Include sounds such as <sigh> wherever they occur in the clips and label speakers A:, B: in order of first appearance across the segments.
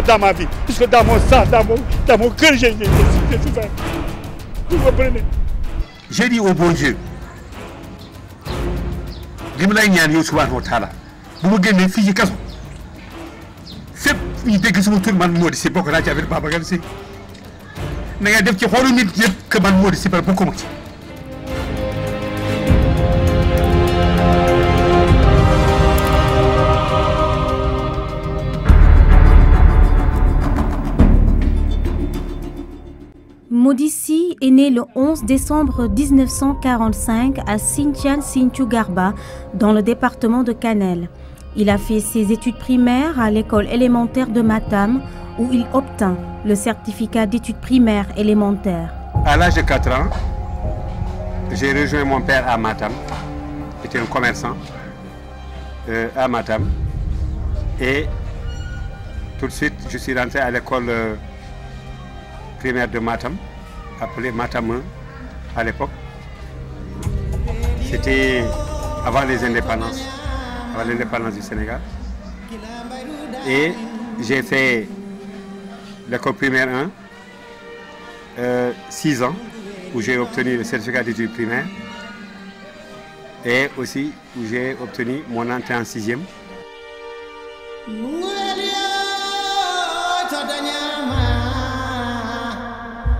A: da ma vie, puisque dans dá sang, dans mon, dans mon cœur, j'ai souffert. Vous comprenez J'ai dit au bon Dieu, li ma lay ñaan yow subhanahu wa taala bu ma génnee fii ci kaso fépp ñu dégg sama tur man moo di si bokk naa ci affaire Babacar Seye na nga def eu xoolu nit yëpp que
B: Modissi est né le 11 décembre 1945 à Sintian Garba, dans le département de Canel. Il a fait ses études primaires à l'école élémentaire de Matam, où il obtint le certificat d'études primaires élémentaires.
A: À l'âge de 4 ans, j'ai rejoint mon père à Matam, qui était un commerçant euh, à Matam. Et tout de suite, je suis rentré à l'école euh, primaire de Matam appelé Matam à l'époque. C'était avant les indépendances, avant l'indépendance du Sénégal. Et j'ai fait l'école primaire 1, 6 euh, ans, où j'ai obtenu le certificat d'études primaires et aussi où j'ai obtenu mon entrée en sixième.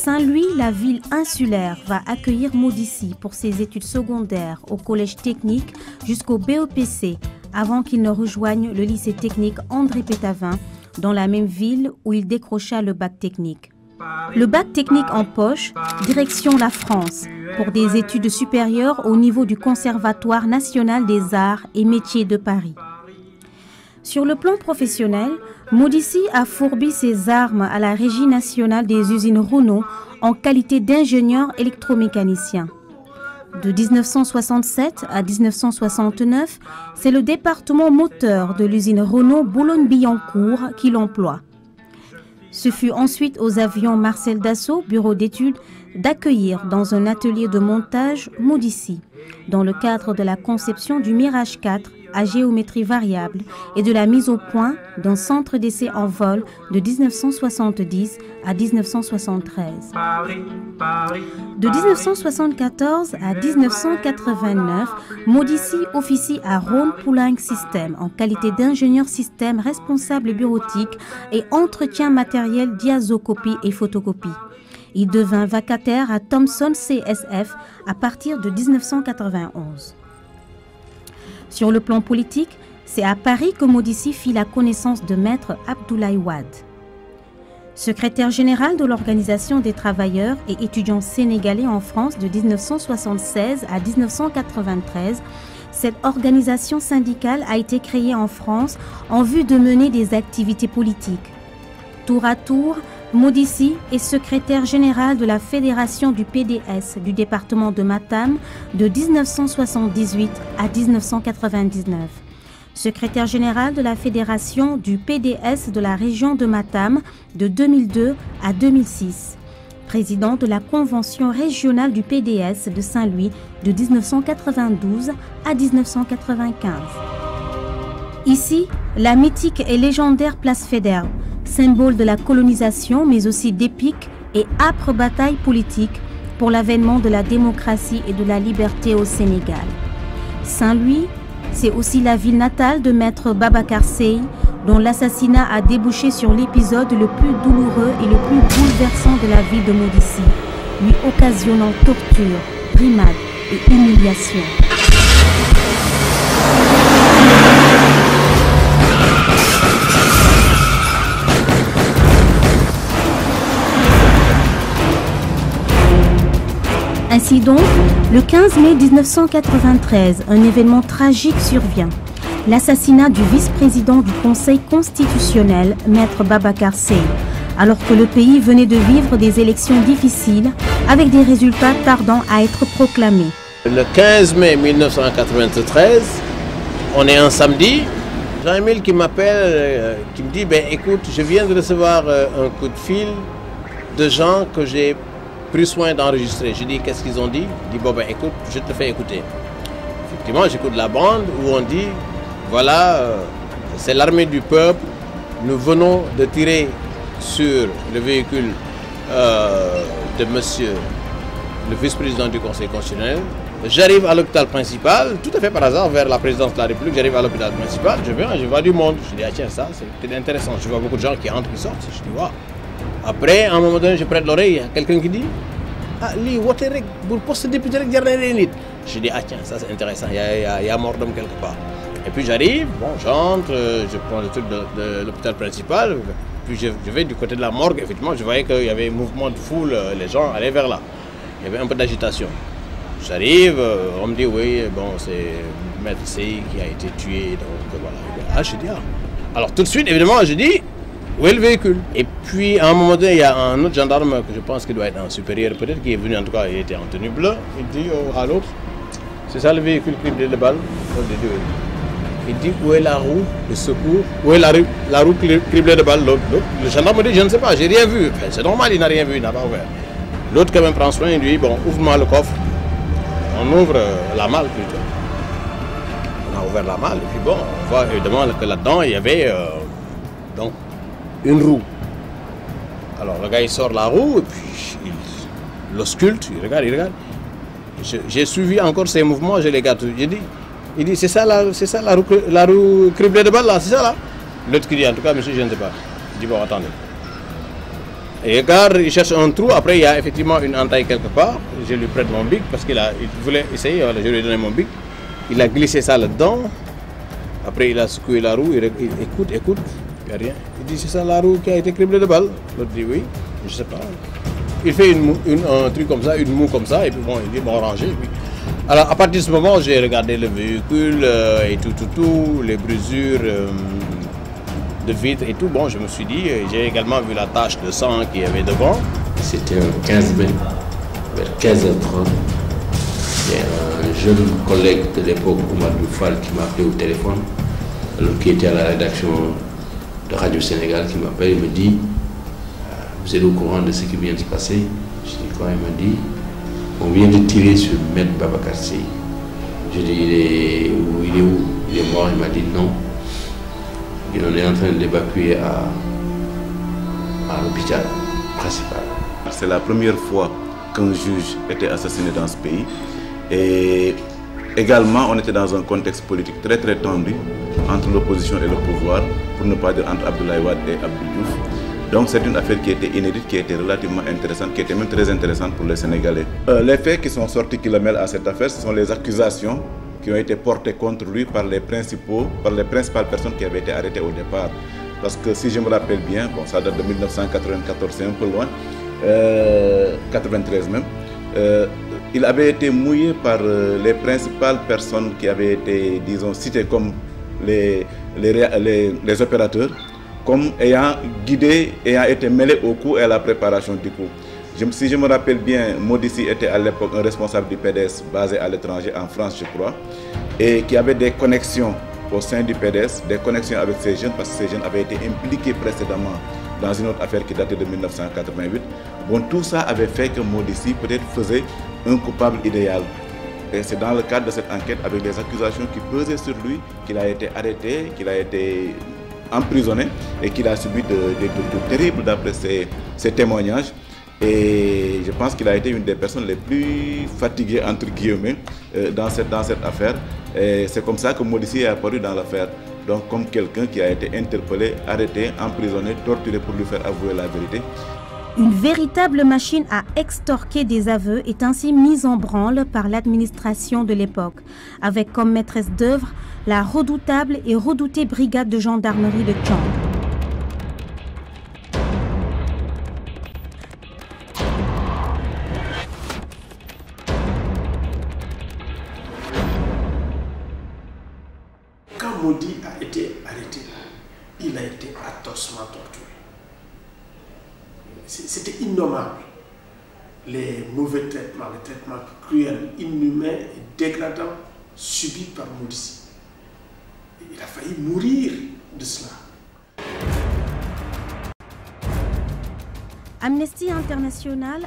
B: Saint-Louis, la ville insulaire, va accueillir Modici pour ses études secondaires au collège technique jusqu'au BOPC avant qu'il ne rejoigne le lycée technique André Pétavin dans la même ville où il décrocha le bac technique. Le bac technique en poche, direction la France, pour des études supérieures au niveau du Conservatoire national des arts et métiers de Paris. Sur le plan professionnel, Modici a fourbi ses armes à la Régie nationale des usines Renault en qualité d'ingénieur électromécanicien. De 1967 à 1969, c'est le département moteur de l'usine Renault Boulogne-Billancourt qui l'emploie. Ce fut ensuite aux avions Marcel Dassault, bureau d'études, d'accueillir dans un atelier de montage Modici, dans le cadre de la conception du Mirage 4 à géométrie variable et de la mise au point d'un centre d'essai en vol de 1970 à 1973. De 1974 à 1989, Modici officie à Rhône Poulenc System en qualité d'ingénieur système responsable bureautique et entretien matériel diazocopie et photocopie. Il devint vacataire à Thomson CSF à partir de 1991. Sur le plan politique, c'est à Paris que Modici fit la connaissance de maître Abdoulaye Wade. Secrétaire général de l'Organisation des travailleurs et étudiants sénégalais en France de 1976 à 1993, cette organisation syndicale a été créée en France en vue de mener des activités politiques. Tour à tour, Modici est secrétaire général de la Fédération du PDS du département de Matam de 1978 à 1999. Secrétaire général de la Fédération du PDS de la région de Matam de 2002 à 2006. Président de la Convention régionale du PDS de Saint-Louis de 1992 à 1995. Ici, la mythique et légendaire place Fédère symbole de la colonisation mais aussi d'épique et âpres bataille politique pour l'avènement de la démocratie et de la liberté au Sénégal. Saint-Louis, c'est aussi la ville natale de maître Baba Sey, dont l'assassinat a débouché sur l'épisode le plus douloureux et le plus bouleversant de la vie de Modici, lui occasionnant torture, brimades et humiliations. Ainsi donc, le 15 mai 1993, un événement tragique survient. L'assassinat du vice-président du Conseil constitutionnel, Maître Babacar Sey, alors que le pays venait de vivre des élections difficiles avec des résultats tardant à être proclamés.
C: Le 15 mai 1993, on est un samedi, Jean-Emile qui m'appelle, euh, qui me dit, ben, écoute, je viens de recevoir euh, un coup de fil de gens que j'ai pris soin d'enregistrer. Je dis, qu'est-ce qu'ils ont dit Je dit, bon, ben écoute, je te fais écouter. Effectivement, j'écoute la bande où on dit, voilà, euh, c'est l'armée du peuple, nous venons de tirer sur le véhicule euh, de monsieur le vice-président du Conseil constitutionnel. J'arrive à l'hôpital principal, tout à fait par hasard, vers la présidence de la République, j'arrive à l'hôpital principal, je viens, je vois du monde. Je dis, ah tiens, ça, c'est intéressant. Je vois beaucoup de gens qui entrent qui sortent. Je dis, waouh, après à un moment donné je prête l'oreille a quelqu'un qui dit ah lui, woote vous pour poste député rek jar je dis ah tiens ça c'est intéressant il y a, un mort d'homme quelque part et puis j'arrive bon j'entre euh, je prends le truc de, l'hôpital principal puis je, vais du côté de la morgue effectivement je voyais qu'il y avait un mouvement de foule euh, les gens allaient vers là il y avait un peu d'agitation j'arrive euh, on me dit oui bon c'est maître C qui a été tué donc voilà ah je dis ah alors tout de suite évidemment je dis où est le véhicule Et puis, à un moment donné, il y a un autre gendarme, que je pense qu'il doit être un supérieur peut-être, qui est venu, en tout cas, il était en tenue bleue. Il dit à l'autre, c'est ça le véhicule criblé de balles Il dit, où est la roue de secours Où est la, rue, la roue criblée de balles L'autre, le gendarme dit, je ne sais pas, j'ai rien vu. c'est normal, il n'a rien vu, il n'a pas ouvert. L'autre quand même prend soin, il dit, bon, ouvre-moi le coffre. On ouvre euh, la malle plutôt. On a ouvert la malle, et puis bon, on voit évidemment que là-dedans, il y avait euh, donc une roue. Alors le gars il sort la roue et puis il l'ausculte, il regarde, il regarde. J'ai suivi encore ses mouvements, je les garde. J'ai dit, il dit, c'est ça, la, ça la, roue, la roue criblée de balles là, c'est ça là L'autre qui dit, en tout cas, monsieur, je ne sais pas. Il dit bon, attendez. Et gars il cherche un trou, après il y a effectivement une entaille quelque part. Je lui prête mon bic parce qu'il il voulait essayer, je lui ai donné mon bic. Il a glissé ça là-dedans. Après il a secoué la roue, il, il écoute, écoute, il n'y a rien c'est ça la roue qui a été criblée de balles. dit oui, je sais pas. Il fait un truc comme ça, une moue comme ça, et puis bon, il dit bon, rangé. Alors à partir de ce moment, j'ai regardé le véhicule euh, et tout, tout, tout, les brisures euh, de vitres et tout. Bon, je me suis dit, euh, j'ai également vu la tache de sang qu'il y avait devant.
D: C'était un 15 mai, vers 15h30. Il y a un jeune collègue de l'époque, Oumar qui m'a appelé au téléphone, qui était à la rédaction de Radio Sénégal qui m'appelle et me dit euh, Vous êtes au courant de ce qui vient de se passer Je dis quoi Il m'a dit On vient de tirer sur Maître Babacar Je dis il est, où, il est où Il est mort Il m'a dit non. Et on est en
E: train de l'évacuer à, à l'hôpital principal. C'est la première fois qu'un juge était assassiné dans ce pays. Et également, on était dans un contexte politique très très tendu entre l'opposition et le pouvoir pour ne pas dire entre Abdoulaye Wade et Abdou Diouf. Donc c'est une affaire qui était inédite, qui était relativement intéressante, qui était même très intéressante pour les Sénégalais. Euh, les faits qui sont sortis qui le mêlent à cette affaire, ce sont les accusations qui ont été portées contre lui par les principaux, par les principales personnes qui avaient été arrêtées au départ. Parce que si je me rappelle bien, bon ça date de 1994, c'est un peu loin, euh, 93 même, euh, il avait été mouillé par euh, les principales personnes qui avaient été, disons, citées comme les, les, opérateurs comme ayant guidé, ayant été mêlé au coup et à la préparation du coup. si je me rappelle bien, Modici était à l'époque un responsable du PDS basé à l'étranger, en France je crois, et qui avait des connexions au sein du PDS, des connexions avec ces jeunes, parce que ces jeunes avaient été impliqués précédemment dans une autre affaire qui datait de 1988. Bon, tout ça avait fait que Modici peut-être faisait un coupable idéal. Et c'est dans le cadre de cette enquête, avec les accusations qui pesaient sur lui, qu'il a été arrêté, qu'il a été emprisonné et qu'il a subi des tortures terribles d'après ses, témoignages. Et je pense qu'il a été une des personnes les plus fatiguées, entre guillemets, euh, dans, cette, affaire. Et c'est comme ça que Modici est apparu dans l'affaire. Donc comme quelqu'un qui a été interpellé, arrêté, emprisonné, torturé pour lui faire avouer la vérité.
B: Une véritable machine à extorquer des aveux est ainsi mise en branle par l'administration de l'époque, avec comme maîtresse d'œuvre la redoutable et redoutée brigade de gendarmerie de Chang.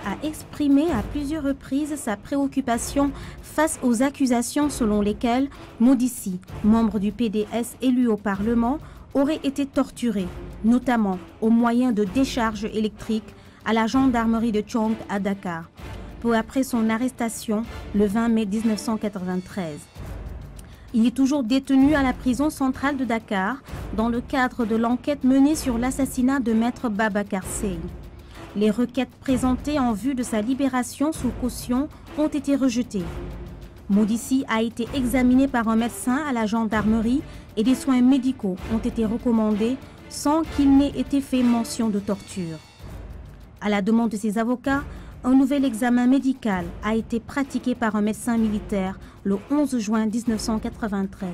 B: a exprimé à plusieurs reprises sa préoccupation face aux accusations selon lesquelles Modissi, membre du PDS élu au Parlement, aurait été torturé, notamment au moyen de décharges électriques à la gendarmerie de Chong à Dakar, peu après son arrestation le 20 mai 1993. Il est toujours détenu à la prison centrale de Dakar dans le cadre de l'enquête menée sur l'assassinat de maître Babacar Sey. Les requêtes présentées en vue de sa libération sous caution ont été rejetées. Modici a été examiné par un médecin à la gendarmerie et des soins médicaux ont été recommandés sans qu'il n'ait été fait mention de torture. À la demande de ses avocats, un nouvel examen médical a été pratiqué par un médecin militaire le 11 juin 1993.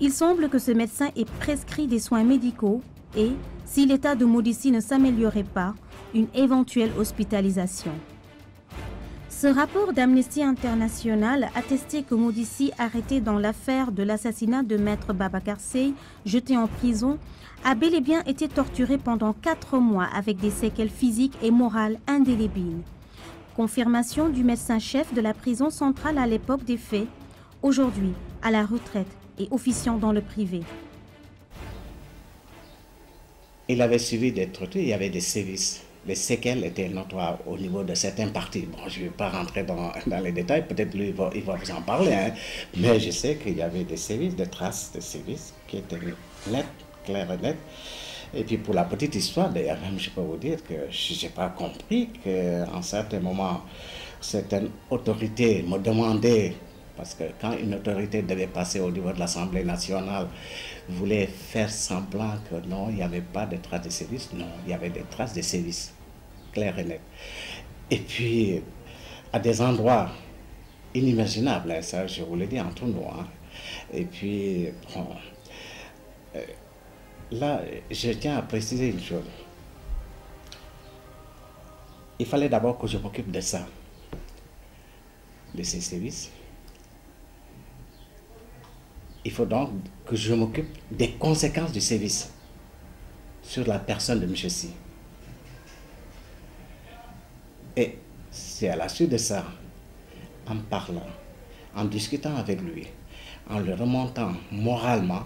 B: Il semble que ce médecin ait prescrit des soins médicaux et, si l'état de Modici ne s'améliorait pas, une éventuelle hospitalisation. Ce rapport d'Amnesty International attestait que Modici, arrêté dans l'affaire de l'assassinat de maître Baba Sey, jeté en prison, a bel et bien été torturé pendant quatre mois avec des séquelles physiques et morales indélébiles. Confirmation du médecin-chef de la prison centrale à l'époque des faits, aujourd'hui à la retraite et officiant dans le privé
F: il avait suivi des trucs, il y avait des sévices. Les séquelles étaient notoires au niveau de certains partis. Bon, je ne vais pas rentrer dans, <laughs> les détails, peut-être lui, il va, vous en parler, hein. mais je sais qu'il y avait des sévices, des traces de sévices qui étaient nettes, claires et nettes. Et puis pour la petite histoire, d'ailleurs, je peux vous dire que je n'ai pas compris qu'en certains moments, certaines autorités me demandaient parce que quand une autorité devait passer au niveau de l'Assemblée nationale, voulait faire semblant que non, il n'y avait pas de traces de services, Non, il y avait des traces de sévices, claires et nettes. Et puis, à des endroits inimaginables, hein, ça je vous le dis entre nous. Hein. Et puis, euh, là, je tiens à préciser une chose. Il fallait d'abord que je m'occupe de ça, de ces services il faut donc que je m'occupe des conséquences du service sur la personne de M. Si. Et c'est à la suite de ça, en parlant, en discutant avec lui, en le remontant moralement,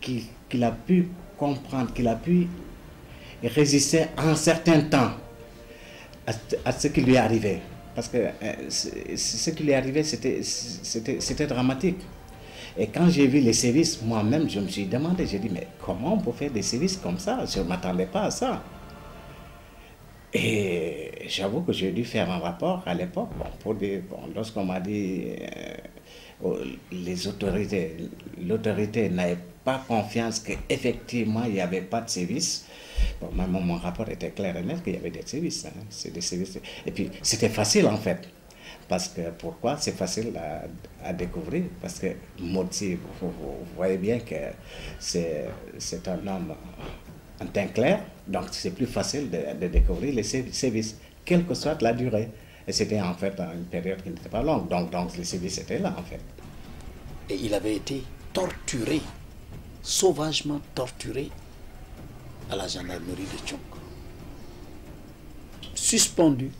F: qu'il a pu comprendre, qu'il a pu résister un certain temps à, ce qui lui est Parce que euh, ce qui lui est arrivé, c'était dramatique. Et quand j'ai vu les services, moi-même, je me suis demandé, j'ai dit, mais comment on peut faire des services comme ça Je ne m'attendais pas à ça. Et j'avoue que j'ai dû faire un rapport à l'époque. Bon, bon, lorsqu'on m'a dit euh, oh, les autorités, l'autorité n'avait pas confiance qu'effectivement il n'y avait pas de service. Bon, mon rapport était clair et net qu'il y avait des services. Hein. C'est des services. Et puis c'était facile en fait. Parce que pourquoi C'est facile à, découvrir. Parce que Moti vous, voyez bien que c'est un homme en teint clair, donc c'est plus facile de, découvrir les services, quelle que soit la durée. Et c'était en fait une période qui n'était pas longue, donc, donc les services étaient là en fait. Et il avait été torturé, sauvagement torturé
G: à la gendarmerie de Tchouk Suspendu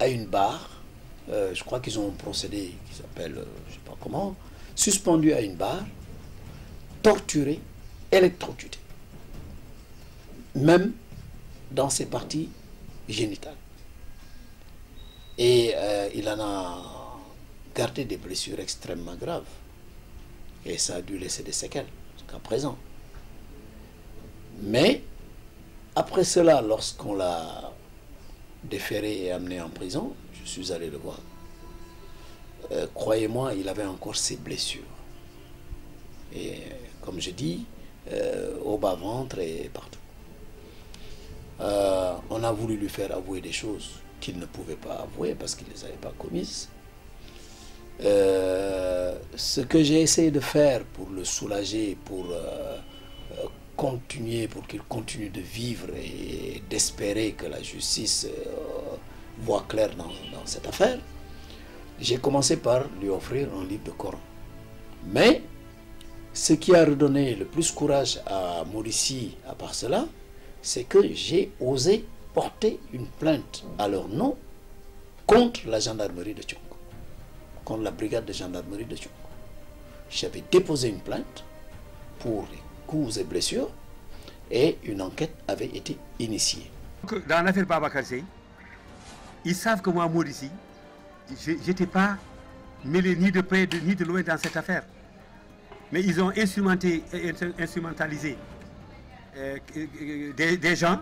G: à une barre euh, je crois qu'ils ont procédé qui s'appelle, euh, je ne sais pas comment, suspendu à une barre, torturé, électrocuté. Même dans ses parties génitales. Et euh, il en a gardé des blessures extrêmement graves. Et ça a dû laisser des séquelles jusqu'à présent. Mais après cela, lorsqu'on l'a déféré et amené en prison, suis allé le voir. Euh, croyez-moi, il avait encore ses blessures. Et comme je dis, euh, au bas-ventre et partout. Euh, on a voulu lui faire avouer des choses qu'il ne pouvait pas avouer parce qu'il ne les avait pas commises. ce que j'ai essayé de faire pour le soulager, pour continuer, pour qu'il continue de vivre et d'espérer que la justice voie claire dans, cette affaire, j'ai commencé par lui offrir un livre de Coran. Mais ce qui a redonné le plus courage à Mauricie à part cela, c'est que j'ai osé porter une plainte à leur nom contre la gendarmerie de Tchong, contre la brigade de gendarmerie de Tchong. J'avais déposé une plainte pour les coups et blessures et une enquête avait été initiée. Dans l'affaire Babacar
A: ils savent que moi, Mauricie, je n'étais pas mêlé ni de près ni de loin dans cette affaire. Mais ils ont instrumenté, instrumentalisé euh, euh, des, gens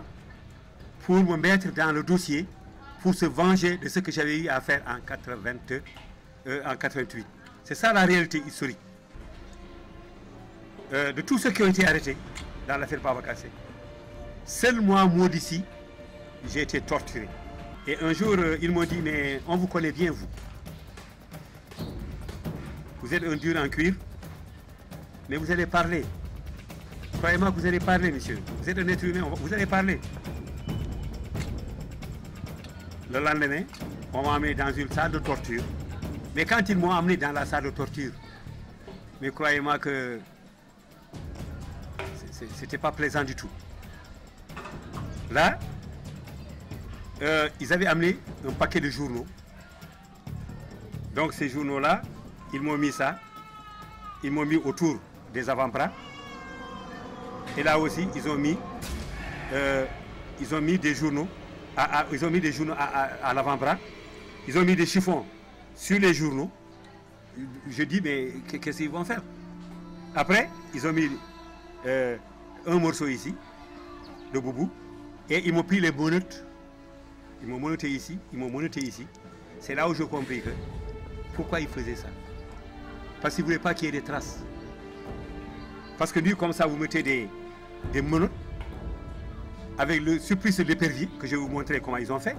A: pour me mettre dans le dossier, pour se venger de ce que j'avais eu à faire en, 88. Euh, C'est ça la réalité historique. de tous ceux qui ont été arrêtés dans l'affaire Pavakassé. Seul moi, moi j'ai été torturé. Et un jour, euh, ils m'ont dit, mais on vous connaît bien, vous. Vous êtes un dur en cuir, mais vous allez parler. Croyez-moi que vous allez parler, monsieur. Vous êtes un être humain, vous allez parler. Le lendemain, on m'a amené dans une salle de torture. Mais quand ils m'ont amené dans la salle de torture, mais croyez-moi que c'était pas plaisant du tout. Là, euh, ils avaient amené un paquet de journaux. Donc ces journaux-là, ils m'ont mis ça. Ils m'ont mis autour des avant-bras. Et là aussi, ils ont mis, euh, ils ont mis des journaux, à, ils ont mis des journaux à, l'avant-bras. Ils ont mis des chiffons sur les journaux. Je dis, mais qu'est-ce qu'ils vont faire Après, ils ont mis euh, un morceau ici, de boubou, et ils m'ont pris les bonnets ils m'ont monoté ici, ils m'ont monoté ici. C'est là où je compris que pourquoi ils faisaient ça. Parce qu'ils ne voulaient pas qu'il y ait des traces. Parce que lui, comme ça, vous mettez des, des avec le supplice de l'épervier, que je vais vous montrer comment ils ont fait.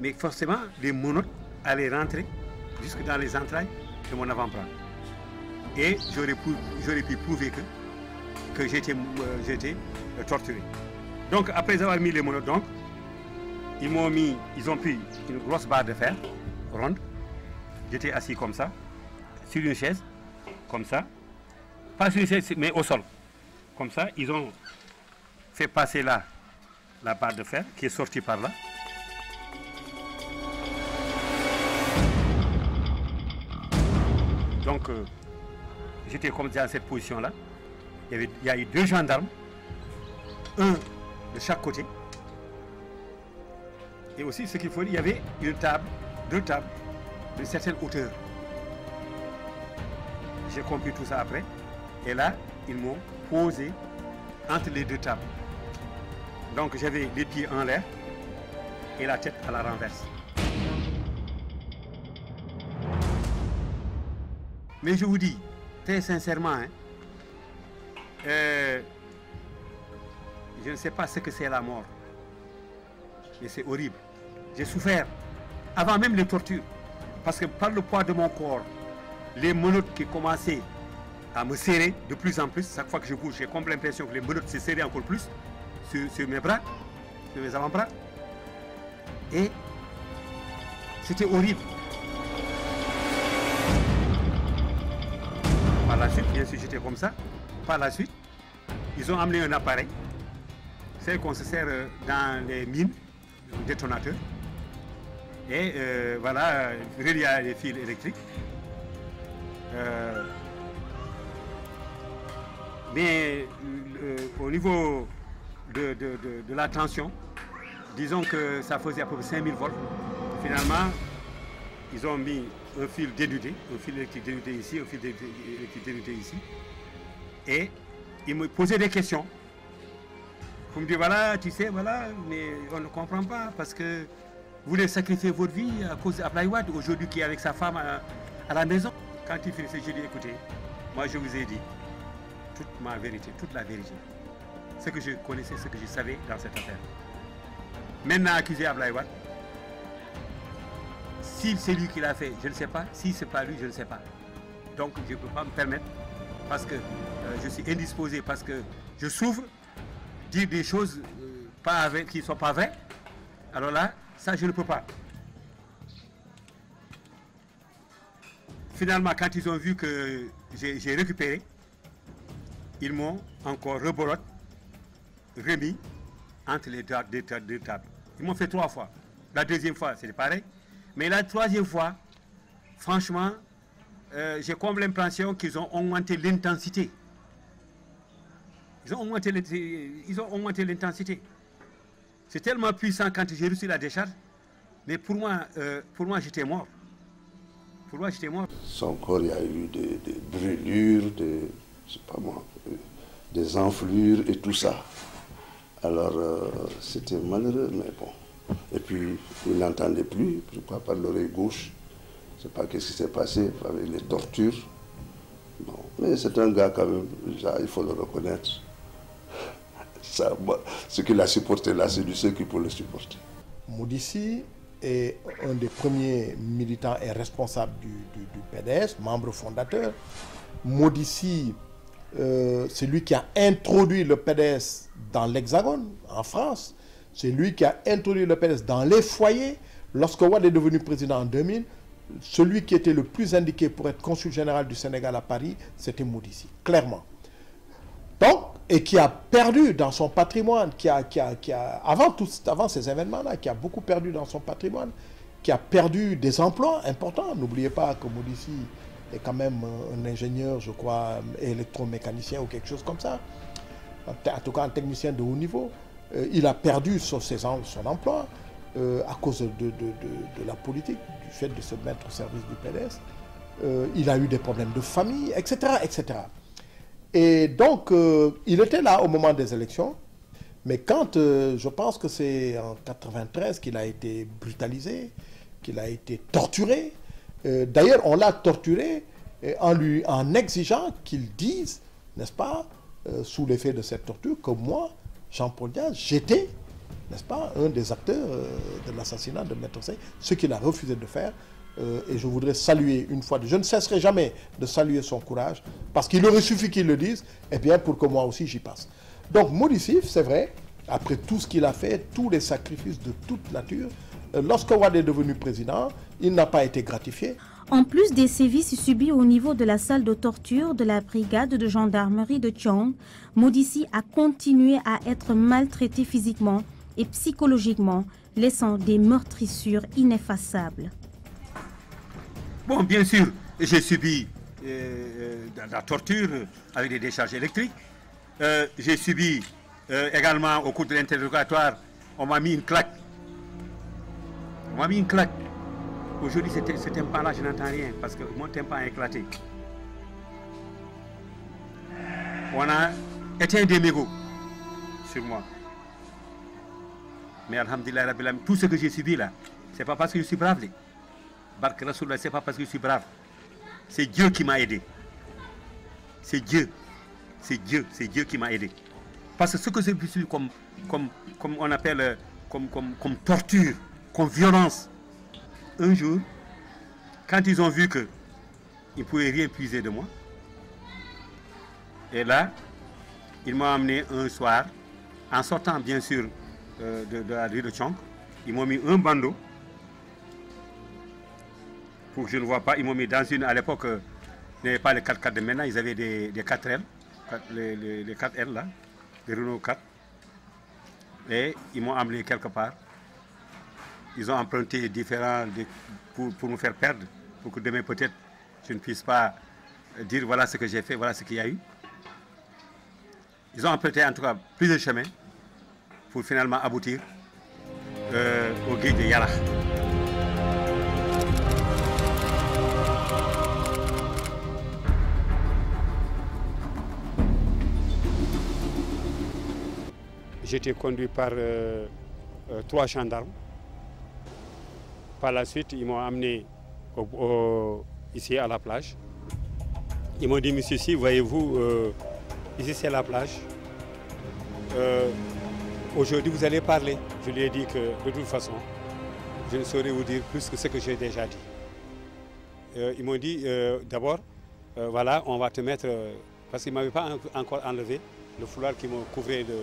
A: Mais forcément, les monotes allaient rentrer jusque dans les entrailles de mon avant-bras. Et j'aurais pu, pu, prouver que, que j'étais euh, j'étais torturé. Donc, après avoir mis les monotes, donc, ils m'ont mis, ils ont pris une grosse barre de fer ronde. J'étais assis comme ça, sur une chaise, comme ça. Pas sur une chaise, mais au sol. Comme ça, ils ont fait passer là la barre de fer qui est sortie par là. Donc, euh, j'étais comme dans cette position-là. Il il y a eu deux gendarmes, un de chaque côté, et aussi, ce qu'il faut il y avait une table, deux tables, d'une certaine hauteur. J'ai compris tout ça après. Et là, ils m'ont posé entre les deux tables. Donc j'avais les pieds en l'air et la tête à la renverse. Mais je vous dis, très sincèrement, hein, euh, je ne sais pas ce que c'est la mort. Mais c'est horrible. J'ai souffert, avant même les tortures, parce que par le poids de mon corps, les menottes qui commençaient à me serrer de plus en plus, chaque fois que je bouge, j'ai complètement l'impression que les menottes se serraient encore plus sur, mes bras, sur mes avant-bras. Et c'était horrible. Par la suite, bien sûr, j'étais comme ça. Par la suite, ils ont amené un appareil. C'est qu'on se sert euh, dans les mines, le détonateur et euh, voilà, il y a des fils électriques. Euh, mais euh, au niveau de, la tension, disons que ça faisait à peu près 5000 volts. Finalement, ils ont mis un fil dénudé, un fil électrique dénudé ici, un fil électrique dénudé ici. Et ils me posaient des questions. Pour me dire, voilà, tu sais, voilà, mais on ne comprend pas parce que vous voulez sacrifier votre vie à cause d'Ablaïwad, aujourd'hui qui est avec sa femme à, la maison. Quand il finissait, j'ai dit, écoutez, moi je vous ai dit toute ma vérité, toute la vérité. Ce que je connaissais, ce que je savais dans cette affaire. Maintenant accusé Ablaïwad, si c'est lui qui l'a fait, je ne sais pas. Si ce n'est pas lui, je ne sais pas. Donc je ne peux pas me permettre, parce que euh, je suis indisposé, parce que je souffre, dire des choses euh, pas qui ne sont pas vraies. Alors là, ça, je ne peux pas. Finalement, quand ils ont vu que j'ai récupéré, ils m'ont encore reborote, remis entre les deux, tables. Ils m'ont fait trois fois. La deuxième fois, c'est pareil. Mais la troisième fois, franchement, euh, j'ai comme l'impression qu'ils ont augmenté l'intensité. Ils ont augmenté l'intensité. C'est tellement puissant quand j'ai reçu la décharge. Mais pour moi, euh, moi j'étais mort. Pour moi, j'étais mort.
E: Son corps, il y a eu
H: des, brûlures, des, pas euh, des enflures et tout ça. Alors, euh, c'était malheureux, mais bon. Et puis, il n'entendait plus, je crois, par l'oreille gauche. Je ne sais pas ce qui s'est passé avec les tortures. Bon. Mais c'est un gars quand même, il faut le reconnaître ce qu'il a supporté là, c'est du ceux qui le supporter.
I: Moudissi est un des premiers militants et responsables du, PDS, membre fondateur. Moudissi, euh, c'est lui qui a introduit le PDS dans l'Hexagone, en France. C'est lui qui a introduit le PDS dans les foyers. Lorsque Ouad est devenu président en 2000, celui qui était le plus indiqué pour être consul général du Sénégal à Paris, c'était Moudissi, clairement et qui a perdu dans son patrimoine, qui a, qui a, avant, tout, avant ces événements-là, qui a beaucoup perdu dans son patrimoine, qui a perdu des emplois importants. N'oubliez pas que Moudissi est quand même un ingénieur, je crois, électromécanicien ou quelque chose comme ça. En tout cas, un technicien de haut niveau. Euh, il a perdu son, emploi euh, à cause de, la politique, du fait de se mettre au service du PDS. Euh, il a eu des problèmes de famille, etc. etc. Et donc, euh, il était là au moment des élections. Mais quand, euh, je pense que c'est en 1993 qu'il a été brutalisé, qu'il a été torturé. Euh, d'ailleurs, on l'a torturé en, lui, en exigeant qu'il dise, n'est-ce pas, sous l'effet de cette torture, que moi, Jean-Paul Diaz, j'étais, n'est-ce pas, un des acteurs de l'assassinat de Maître ce qu'il a refusé de faire euh, et je voudrais saluer une fois, de, je ne cesserai jamais de saluer son courage, parce qu'il aurait suffi qu'il le dise, et eh bien pour que moi aussi j'y passe. Donc Modici c'est vrai, après tout ce qu'il a fait, tous les sacrifices de toute nature, euh, lorsque Wade est devenu président, il n'a pas été gratifié.
B: En plus des sévices subis au niveau de la salle de torture de la brigade de gendarmerie de Chong, Modici a continué à être maltraité physiquement et psychologiquement, laissant des meurtrissures ineffaçables.
A: Bon, bien sûr, j'ai subi euh, euh, la torture avec des décharges électriques. Euh, j'ai subi également au cours de l'interrogatoire, on m'a mis une claque. On m'a mis une claque. Aujourd'hui, ce tympan-là, je n'entends rien parce que mon tympan a éclaté. On a éteint des mégots sur moi. Mais Alhamdulillah, tout ce que j'ai subi là, ce n'est pas parce que je suis brave. Barque ce pas parce que je suis brave. C'est Dieu qui m'a aidé. C'est Dieu. C'est Dieu. C'est Dieu qui m'a aidé. Parce que ce que j'ai vécu comme, comme, comme on appelle, euh, comme, comme, torture, comme violence, un jour, quand ils ont vu que ils ne pouvaient rien puiser de moi, et là, ils m'ont amené un soir, en sortant bien sûr euh, de, la rue de Chonk, ils m'ont mis un bandeau pour que je ne vois pas. Ils m'ont mis dans une, à l'époque, euh, il n'y avait pas les 4x4 de maintenant, ils avaient des, des 4L, les, 4L là, des Renault 4. Et ils m'ont emmené quelque part. Ils ont emprunté différents pour, nous faire perdre, pour que demain peut-être je ne puisse pas dire voilà ce que j'ai fait, voilà ce qu'il y a eu. Ils ont emprunté en tout cas plusieurs chemins pour finalement aboutir euh, au guide de Yara. J'étais conduit par euh, euh, trois gendarmes. Par la suite, ils m'ont amené ici à la plage. Ils m'ont dit, monsieur, si voyez-vous, euh, ici c'est la plage. Aujourd'hui, vous allez parler. Je lui ai dit que de toute façon, je ne saurais vous dire plus que ce que j'ai déjà dit. ils m'ont dit, d'abord, voilà, on va te mettre, parce qu'ils ne m'avaient pas encore enlevé le foulard qui me couvrait de,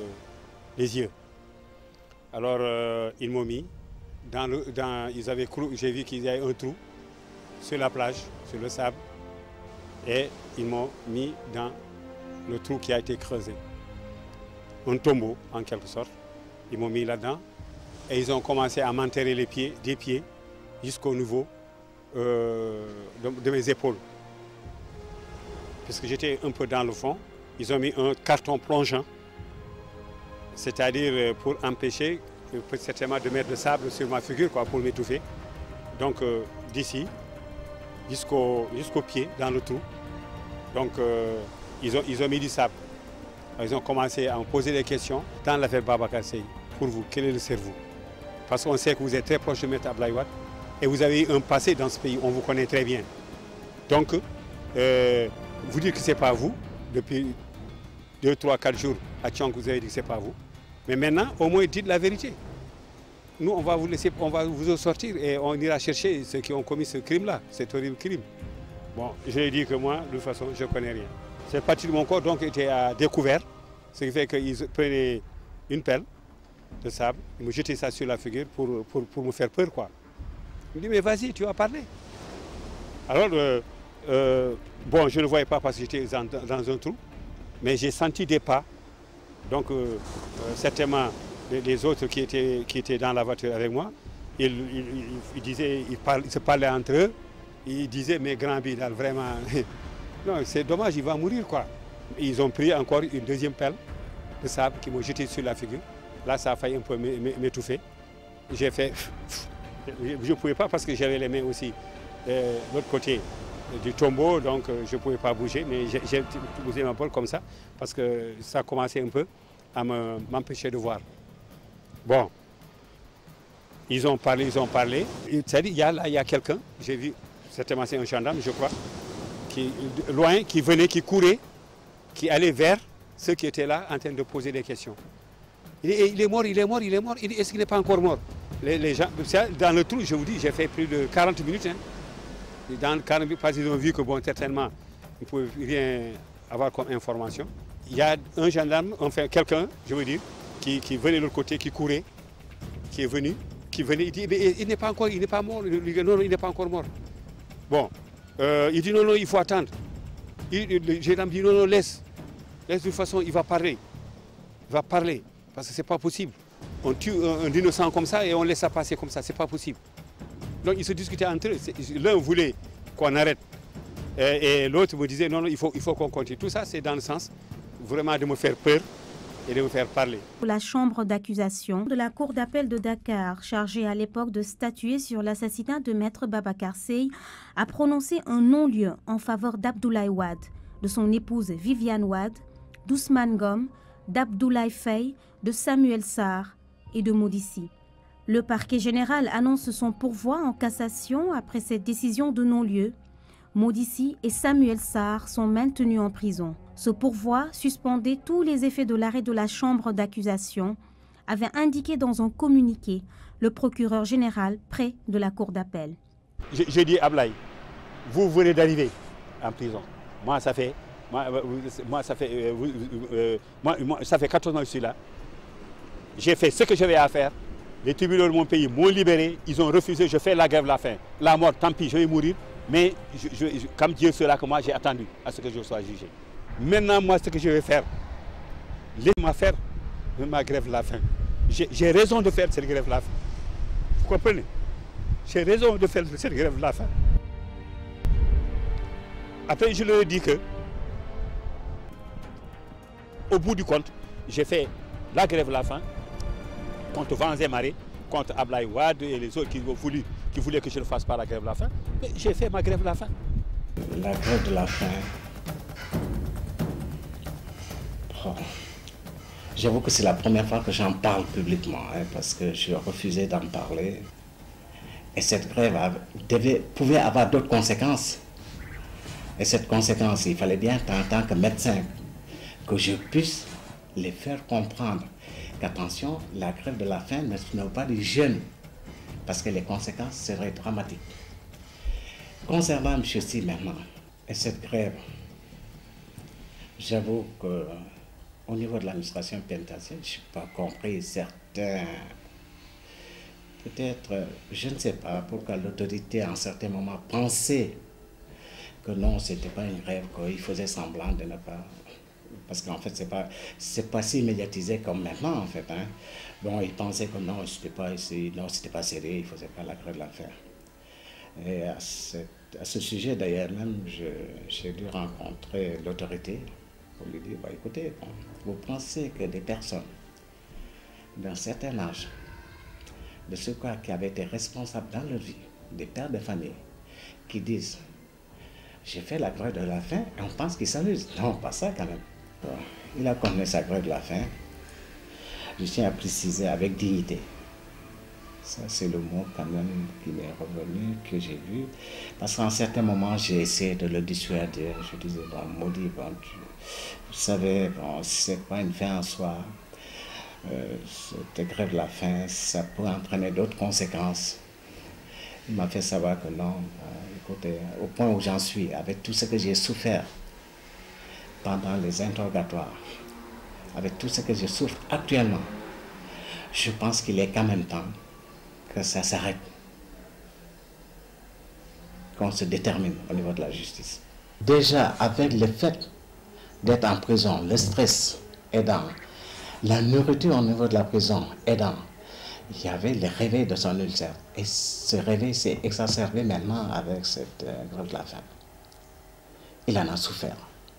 A: les yeux. Alors euh, ils m'ont mis, dans le, dans, ils avaient j'ai vu qu'il y avait un trou sur la plage, sur le sable, et ils m'ont mis dans le trou qui a été creusé, un tombeau en quelque sorte. Ils m'ont mis là-dedans et ils ont commencé à m'enterrer les pieds, des pieds jusqu'au niveau euh, de, de mes épaules. Puisque j'étais un peu dans le fond, ils ont mis un carton plongeant c'est-à-dire euh, pour empêcher euh, certainement de mettre le sable sur ma figure quoi, pour m'étouffer. Donc euh, d'ici jusqu'au jusqu'au pied, dans le trou. Donc ils, ont, ils ont mis du sable. Ils ont commencé à me poser des questions dans l'affaire Babacar Sey. Pour vous, quel est le cerveau Parce qu'on sait que vous êtes très proche de Maître Ablaïwat et vous avez un passé dans ce pays, on vous connaît très bien. Donc, vous dire que ce n'est pas vous, depuis 2, 3, 4 jours à Tchang, vous avez dit que ce n'est pas vous. Mais maintenant, au moins, dites la vérité. Nous, on va vous laisser, on va vous sortir et on ira chercher ceux qui ont commis ce crime-là, cet horrible crime. Bon, j'ai dit que moi, de toute façon, je ne connais rien. Cette partie de mon corps, donc, était à découvert, ce qui fait qu'ils prenaient une pelle de sable, ils me jetaient ça sur la figure pour, pour, me faire peur, quoi. Il me dit, mais vas-y, tu vas parler. Alors, euh, euh, bon, je ne voyais pas parce que j'étais dans un trou, mais j'ai senti des pas donc, euh, euh, certainement, les, autres qui étaient, qui étaient dans la voiture avec moi, ils, se parlaient entre eux, ils disaient, mais grand Bidal, vraiment, <laughs> c'est dommage, il va mourir, quoi. Ils ont pris encore une deuxième pelle de sable qui m'ont jeté sur la figure. Là, ça a failli un peu m'étouffer. J'ai fait... <laughs> Je ne pouvais pas parce que j'avais les mains aussi euh, de l'autre côté du tombeau, donc euh, je ne pouvais pas bouger, mais j'ai bougé ma pole comme ça, parce que ça commençait un peu à m'empêcher de voir. Bon, ils ont parlé, ils ont parlé. il y a a quelqu'un, j'ai vu, certainement c'est un gendarme, je crois, qui, loin, qui venait, qui courait, qui allait vers ceux qui étaient là en train de poser des questions. Il est, eh, il est mort, il est mort, il est mort, est-ce qu'il n'est pas encore mort les, gens, dans le trou, je vous dis, j'ai fait plus de 40 minutes. Hein dans le parce qu'ils ont vu que, bon, certainement, ils ne pouvaient rien avoir comme information. Il y a un gendarme, enfin quelqu'un, je veux dire, qui, venait de l'autre côté, qui courait, qui est venu, qui venait, il dit, mais il n'est pas encore, il n'est pas mort, non, il n'est pas encore mort. Bon, euh, il dit, non, non, il faut attendre. le gendarme dit, non, non, laisse, laisse de toute façon, il va parler, il va parler, parce que ce n'est pas possible. On tue un, innocent comme ça et on laisse ça passer comme ça, ce n'est pas possible. Donc ils se discutaient entre eux. L'un voulait qu'on arrête et, l'autre vous disait non, non, il faut, qu'on continue. Tout ça, c'est dans le sens vraiment de me faire peur et de me faire parler.
B: La chambre d'accusation de la cour d'appel de Dakar, chargée à l'époque de statuer sur l'assassinat de maître Baba Sey, a prononcé un non-lieu en faveur d'Abdoulaye Wad, de son épouse Viviane Wad, d'Ousmane Gom, d'Abdoulaye Fay, de Samuel Sarr et de Modissi. Le parquet général annonce son pourvoi en cassation après cette décision de non-lieu. Modici et Samuel Sarr sont maintenus en prison. Ce pourvoi suspendait tous les effets de l'arrêt de la chambre d'accusation, avait indiqué dans un communiqué le procureur général près de la cour d'appel.
A: J'ai dit Ablaï, vous venez d'arriver en prison. Moi, ça fait, moi, ça euh, fait, moi, ça fait 14 euh, euh, ans que je suis là. J'ai fait ce que j'avais à faire les tribunaux de mon pays m'ont libéré, ils ont refusé, je fais la grève la fin. La mort, tant pis, je vais mourir, mais comme Dieu sera que moi, j'ai attendu à ce que je sois jugé. Maintenant, moi, ce que je vais faire, laisse moi faire ma grève la fin. J'ai raison de faire cette grève la fin. Vous comprenez J'ai raison de faire cette grève la faim. Après, je leur ai dit que, au bout du compte, j'ai fait la grève la fin, contre Vanzé et contre Ablaï Wad et les autres qui, voulaient que je ne fasse pas la grève de la faim. Mais j'ai fait ma grève de la faim.
F: La grève de la faim. J'avoue que c'est la première fois que j'en parle publiquement, hein, parce que je refusais d'en parler. Et cette grève pouvait avoir d'autres conséquences. Et cette conséquence, il fallait bien, en tant que médecin, que je puisse les faire comprendre Attention, la grève de la faim ne se pas les jeunes, parce que les conséquences seraient dramatiques. Concernant M. Si et cette grève, j'avoue que euh, au niveau de l'administration pénitentiaire, je n'ai pas compris certains. Peut-être, euh, je ne sais pas pourquoi l'autorité à un certain moment pensait que non, ce n'était pas une grève, qu'il faisait semblant de ne pas parce qu'en fait, c'est pas, c'est pas si médiatisé comme maintenant, en fait. Hein. Bon, ils pensaient que non, c'était pas, non, c'était pas serré, il faisait pas la grève de l'affaire. Et à, ce sujet, d'ailleurs, même, j'ai dû rencontrer l'autorité pour lui dire, bah, écoutez, vous pensez que des personnes d'un certain âge, de ceux qui avaient été responsables dans leur vie, des pères de famille, qui disent j'ai fait la grève de la fin et on pense qu'ils s'amusent. Non, pas ça quand même il a connu sa grève de la faim. Je tiens à préciser avec dignité. Ça, c'est le mot quand même qui m'est revenu, que j'ai vu. Parce qu'en certains moments, j'ai essayé de le dissuader. Je disais, bon, maudit, bon, tu, vous savez, bon, c'est pas une fin en soi. Euh, cette grève de la faim, ça peut entraîner d'autres conséquences. Il m'a fait savoir que non, euh, écoutez, au point où j'en suis, avec tout ce que j'ai souffert, pendant les interrogatoires, avec tout ce que je souffre actuellement, je pense qu'il est quand même temps que ça s'arrête, qu'on se détermine au niveau de la justice. Déjà, avec le fait d'être en prison, le stress est dans la nourriture au niveau de la prison aidant, il y avait le réveil de son ulcère. Et ce réveil s'est exacerbé maintenant avec cette euh, grève de la femme. Il en a souffert.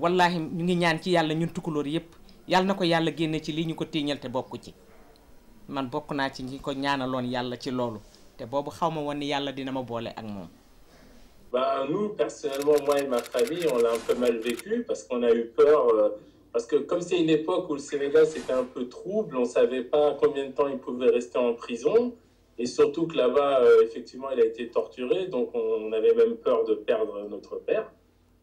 J: wallahi
I: bah, nous personnellement moi et ma famille on l'a un peu mal vécu parce qu'on a eu peur euh, parce que comme c'est une époque où le Sénégal c'était un peu trouble on savait pas combien de temps il pouvait rester en prison et surtout que là-bas euh, effectivement il a été torturé donc on avait même peur de perdre notre père.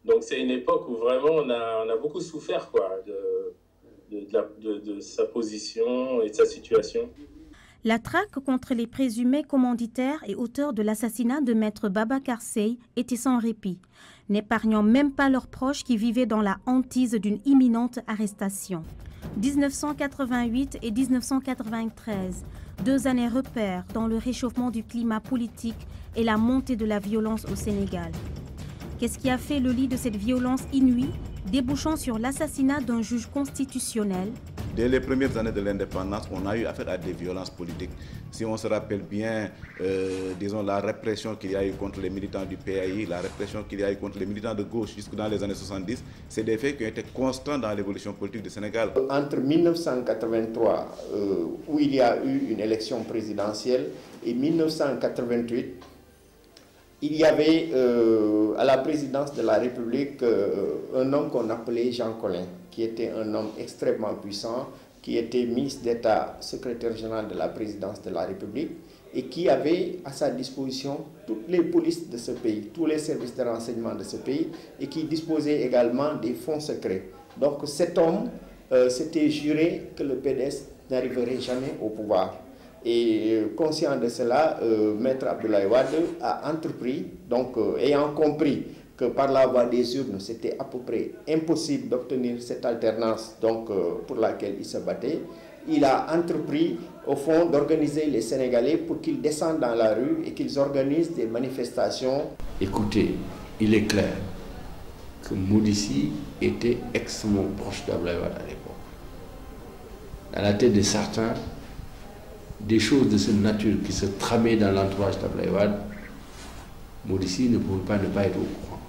I: Donc c'est une époque où vraiment on a, beaucoup souffert de, sa position et de sa situation.
B: La traque contre les présumés commanditaires et auteurs de l'assassinat de maître Baba Karsey était sans répit, n'épargnant même pas leurs proches qui vivaient dans la hantise d'une imminente arrestation. 1988 et 1993, deux années repères dans le réchauffement du climat politique et la montée de la violence au Sénégal. Qu'est-ce qui a fait le lit de cette violence inouïe, débouchant sur l'assassinat d'un juge constitutionnel
E: Dès les premières années de l'indépendance, on a eu affaire à des violences politiques. Si on se rappelle bien, euh, disons, la répression qu'il y a eu contre les militants du PAI, la répression qu'il y a eu contre les militants de gauche jusque dans les années 70, c'est des faits qui ont été constants dans l'évolution politique du Sénégal. Entre 1983, euh, où
J: il y a eu une élection présidentielle, et 1988, il y avait euh, à la présidence de la République euh, un homme qu'on appelait Jean Collin, qui était un homme extrêmement puissant, qui était ministre d'État, secrétaire général de la présidence de la République, et qui avait à sa disposition toutes les polices de ce pays, tous les services de renseignement de ce pays, et qui disposait également des fonds secrets. Donc cet homme euh, s'était juré que le PDS n'arriverait jamais au pouvoir. Et euh, conscient de cela, euh, Maître Abdoulaye Wade a entrepris, donc euh, ayant compris que par la voie des urnes, c'était à peu près impossible d'obtenir cette alternance donc, pour laquelle il se battait, il a entrepris au fond d'organiser les Sénégalais pour qu'ils descendent dans la rue et qu'ils organisent des manifestations.
D: Écoutez, il est clair que Moudissi était extrêmement proche d'Abdoulaye Wade à l'époque. À la tête de certains, des choses de cette nature qui se tramaient dans l'entourage d'Ablaïwad, Maurici ne pouvait pas ne pas être au courant.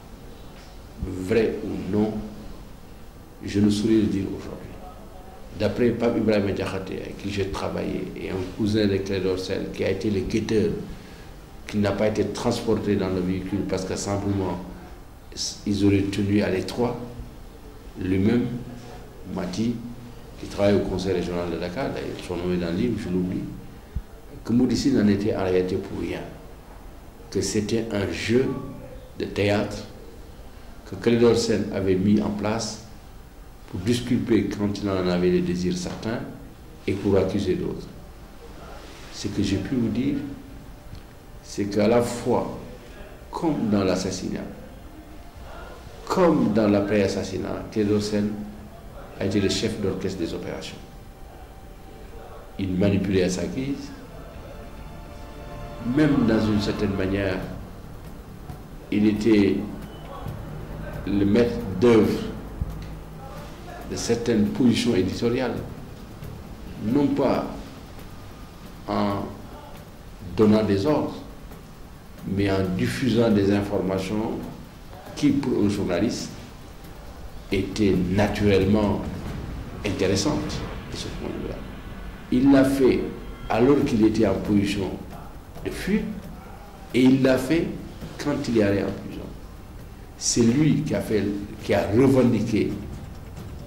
D: Vrai ou non, je ne saurais le dire aujourd'hui. D'après Pape Ibrahim avec qui j'ai travaillé, et un cousin de Claire Dorsel, qui a été le guetteur, qui n'a pas été transporté dans le véhicule parce que simplement ils auraient tenu à l'étroit, lui-même Mati qui travaille au conseil régional de Dakar, il son nom dans le livre, je l'oublie, que Moudissi n'en était arrêté pour rien, que c'était un jeu de théâtre que Calidor Sen avait mis en place pour disculper quand il en avait le désir certains et pour accuser d'autres. Ce que j'ai pu vous dire, c'est qu'à la fois, comme dans l'assassinat, comme dans l'après-assassinat, Théodore a été le chef d'orchestre des opérations. Il manipulait à sa guise, même dans une certaine manière, il était le maître d'œuvre de certaines positions éditoriales, non pas en donnant des ordres, mais en diffusant des informations qui, pour un journaliste, étaient naturellement intéressantes de ce point de vue-là. Il l'a fait alors qu'il était en position et il l'a fait quand il y allé en prison. C'est lui qui a, fait, qui a revendiqué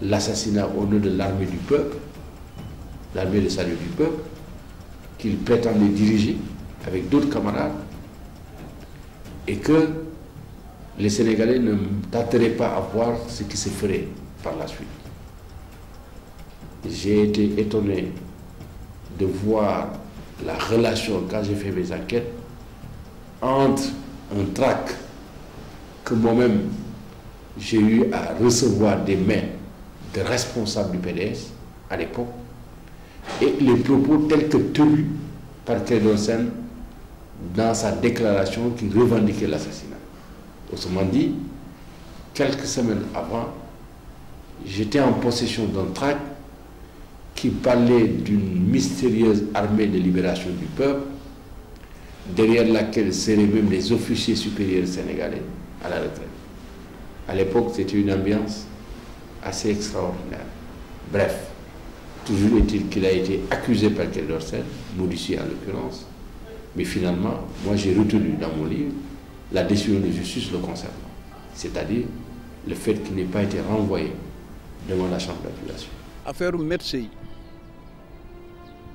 D: l'assassinat au nom de l'armée du peuple, l'armée de salut du peuple, qu'il prétendait diriger avec d'autres camarades, et que les Sénégalais ne tâteraient pas à voir ce qui se ferait par la suite. J'ai été étonné de voir la relation, quand j'ai fait mes enquêtes, entre un trac que moi-même j'ai eu à recevoir des mains de responsables du PDS à l'époque et les propos tels que tenus par Sen dans sa déclaration qui revendiquait l'assassinat. Autrement dit, quelques semaines avant, j'étais en possession d'un trac qui parlait d'une mystérieuse armée de libération du peuple, derrière laquelle seraient même les officiers supérieurs sénégalais à la retraite. À l'époque, c'était une ambiance assez extraordinaire. Bref, toujours est-il qu'il a été accusé par Keldorsel, modifié en l'occurrence, mais finalement, moi j'ai retenu dans mon livre la décision de justice le concernant, c'est-à-dire le fait qu'il n'ait pas été renvoyé devant la chambre d'accusation.
H: Affaire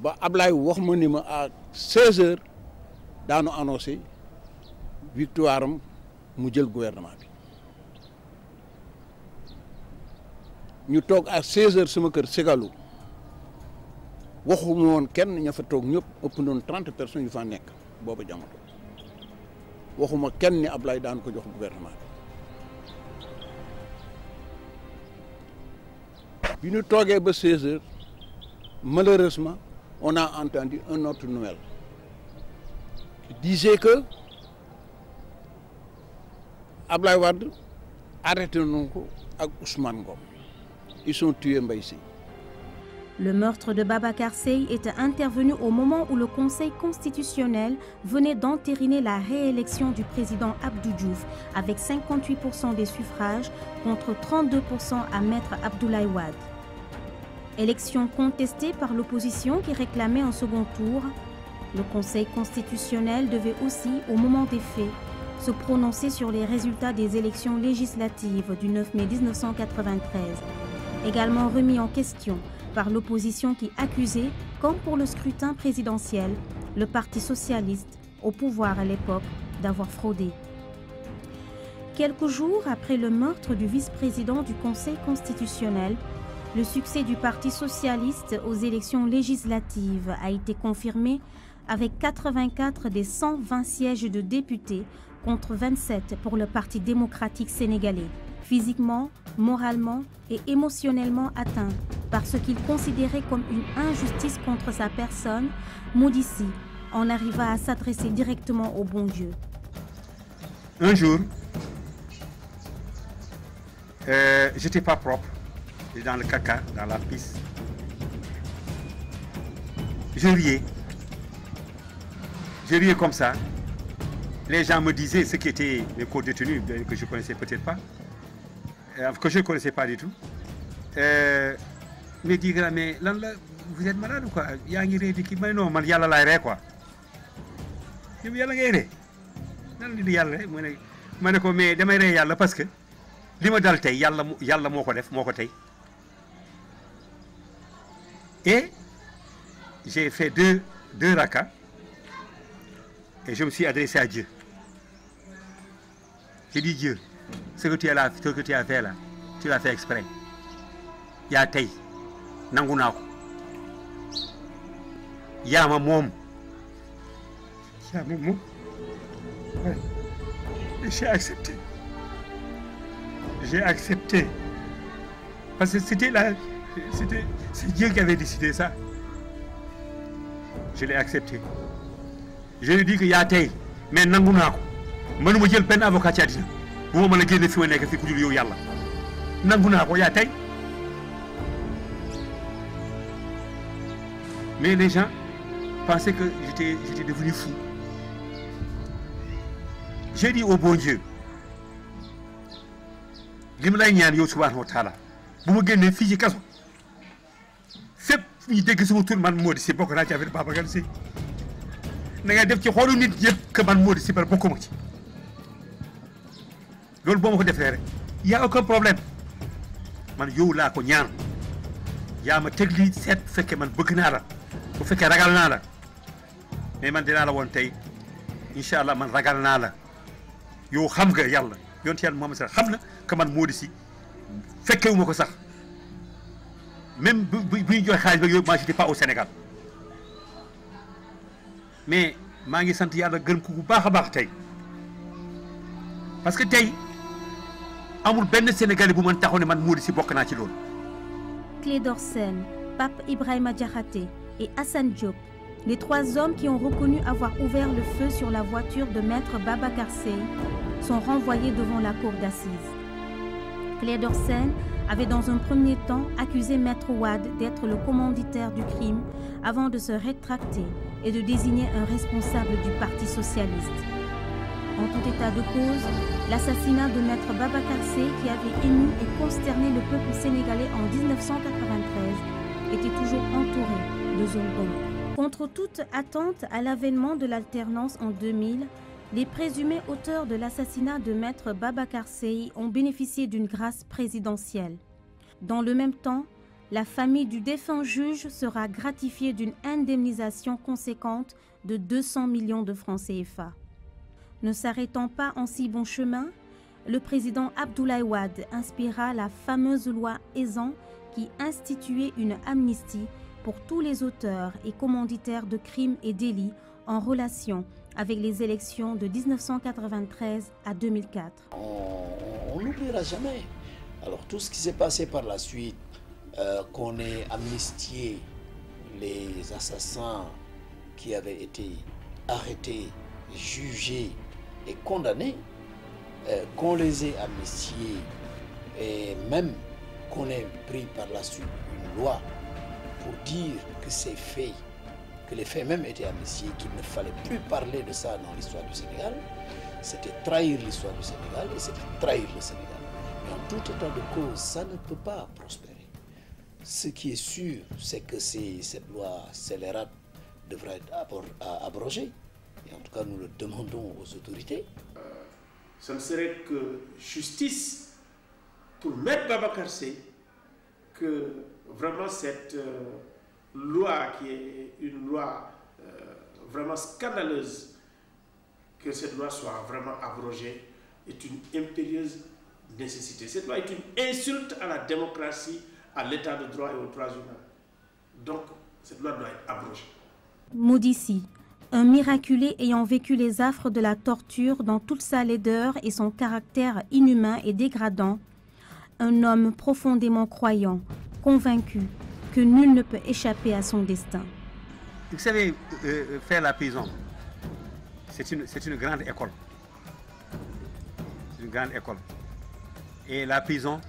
H: ba Ablaye wax ma ni ma à 16h daanu annoncé victoire mu jël gouvernement bi ñu toog à 16h sama kër Ségalou waxuma woon kenn ña fa toog ñëpp ëpp noonu 30 personnes yu fa nekk booba jamono waxuma kenn ni Ablaye daan ko jox gouvernement bi. bi ñu toogee ba 16 heures malheureusement on a entendu un autre Noël qui disait que Abdoulaye Wade arrêté nous avec Ousmane Gom. ils sont tués ici.
B: Le meurtre de Baba Sey était intervenu au moment où le Conseil constitutionnel venait d'entériner la réélection du président Abdou Diouf avec 58% des suffrages contre 32% à Maître Abdoulaye Wade. Élection contestée par l'opposition qui réclamait un second tour, le Conseil constitutionnel devait aussi, au moment des faits, se prononcer sur les résultats des élections législatives du 9 mai 1993, également remis en question par l'opposition qui accusait, comme pour le scrutin présidentiel, le Parti socialiste, au pouvoir à l'époque, d'avoir fraudé. Quelques jours après le meurtre du vice-président du Conseil constitutionnel, le succès du Parti socialiste aux élections législatives a été confirmé avec 84 des 120 sièges de députés contre 27 pour le Parti démocratique sénégalais, physiquement, moralement et émotionnellement atteint par ce qu'il considérait comme une injustice contre sa personne, Moudissi en arriva à s'adresser directement au bon Dieu.
A: Un jour, euh, j'étais pas propre dans le caca, dans la pisse. Je riais. Je riais comme ça. Les gens me disaient, ce qui était mes co détenu que je ne connaissais peut-être pas, euh, que je ne connaissais pas du tout, euh, me disaient, mais vous êtes malade ou quoi Il y a un qui mais non, man yalla lay quoi. Il y a ngay nan li di yàlla rek ma ne Je ne ko mais damay rey yàlla parce que li ma dal tey yàlla yàlla moo je def moo ko et j'ai fait deux, deux rakas et je me suis adressé à Dieu. J'ai dit Dieu, ce que tu as, là, ce que tu as fait là, tu l'as fait exprès. Ya tei, nangu Ya ko ma j'ai accepté j'ai accepté parce que c'était là. C'était, c'est Dieu qui avait décidé ça. Je l'ai accepté. Je lui ai dit que yaa tey mais nangu naa ko mënuma jël benn avocat ci àddina bu ma mën a génne fi ma nekk fi ku dul yow yàlla nangu naa ko mais les gens pensaient que j'étais j'étais devenu fou j'ai dit au bon Dieu li ma lay ñaan yow subhanahu wa taala bu ma génne fii ci kaso ñu dégg sama tur man moo Modou Sy bokk naa ci affaire Babacar Sy na ngay def ci xoolu nit yëpp que man Modou Sy man bokkuma ci loolu boo ma ko defee rek y a aucun problème man yow laa ko ñaan yaa ma teg lii seet bu fekkee man bëgg naa la bu fekkee ragal naa la mais man dinaa la woon tey incha allah man ragal naa la yow xam nga yàlla yonte yàlla moom sax xam na que man Modou Sy ma ko sax même si je ñu pas pas au Sénégal mais je suis sens yàlla gërëm ko bu que baax parce que tey amul benn Sénégalais bu mën dit que man suis venu
B: bokk d'Orsène, Pape Ibrahima Diakhaté et Hassan Diop les trois hommes qui ont reconnu avoir ouvert le feu sur la voiture de maître Baba Sèye sont renvoyés devant la cour d'assises. Clé d'Orsène, avait dans un premier temps accusé Maître Ouad d'être le commanditaire du crime avant de se rétracter et de désigner un responsable du Parti socialiste. En tout état de cause, l'assassinat de Maître Babacar qui avait ému et consterné le peuple sénégalais en 1993, était toujours entouré de zones Contre toute attente à l'avènement de l'alternance en 2000, les présumés auteurs de l'assassinat de maître Babacar Sey ont bénéficié d'une grâce présidentielle. Dans le même temps, la famille du défunt juge sera gratifiée d'une indemnisation conséquente de 200 millions de francs CFA. Ne s'arrêtant pas en si bon chemin, le président Abdoulaye Wade inspira la fameuse loi Aizan qui instituait une amnistie pour tous les auteurs et commanditaires de crimes et délits en relation avec les élections de 1993 à 2004.
G: On n'oubliera jamais. Alors tout ce qui s'est passé par la suite, euh, qu'on ait amnistié les assassins qui avaient été arrêtés, jugés et condamnés, euh, qu'on les ait amnistiés et même qu'on ait pris par la suite une loi pour dire que c'est fait les faits même étaient amnistiés, qu'il ne fallait plus parler de ça dans l'histoire du Sénégal, c'était trahir l'histoire du Sénégal et c'était trahir le Sénégal. Mais en tout état de cause, ça ne peut pas prospérer. Ce qui est sûr, c'est que cette loi scélérate devrait être abrogée. Et en tout cas, nous le demandons aux autorités. Euh, ça ne serait que justice pour mettre Babacar
I: que vraiment cette... Euh, loi qui est une loi euh, vraiment scandaleuse, que cette loi soit vraiment abrogée, est une impérieuse nécessité. Cette loi est une insulte à la démocratie, à l'état de droit et aux droits humains. Donc, cette loi doit être abrogée.
B: Maudissi, un miraculé ayant vécu les affres de la torture dans toute sa laideur et son caractère inhumain et dégradant, un homme profondément croyant, convaincu que nul ne peut échapper à son destin.
F: Vous
A: savez, euh, euh, faire la prison, c'est une, une grande école. C'est une grande école. Et la prison,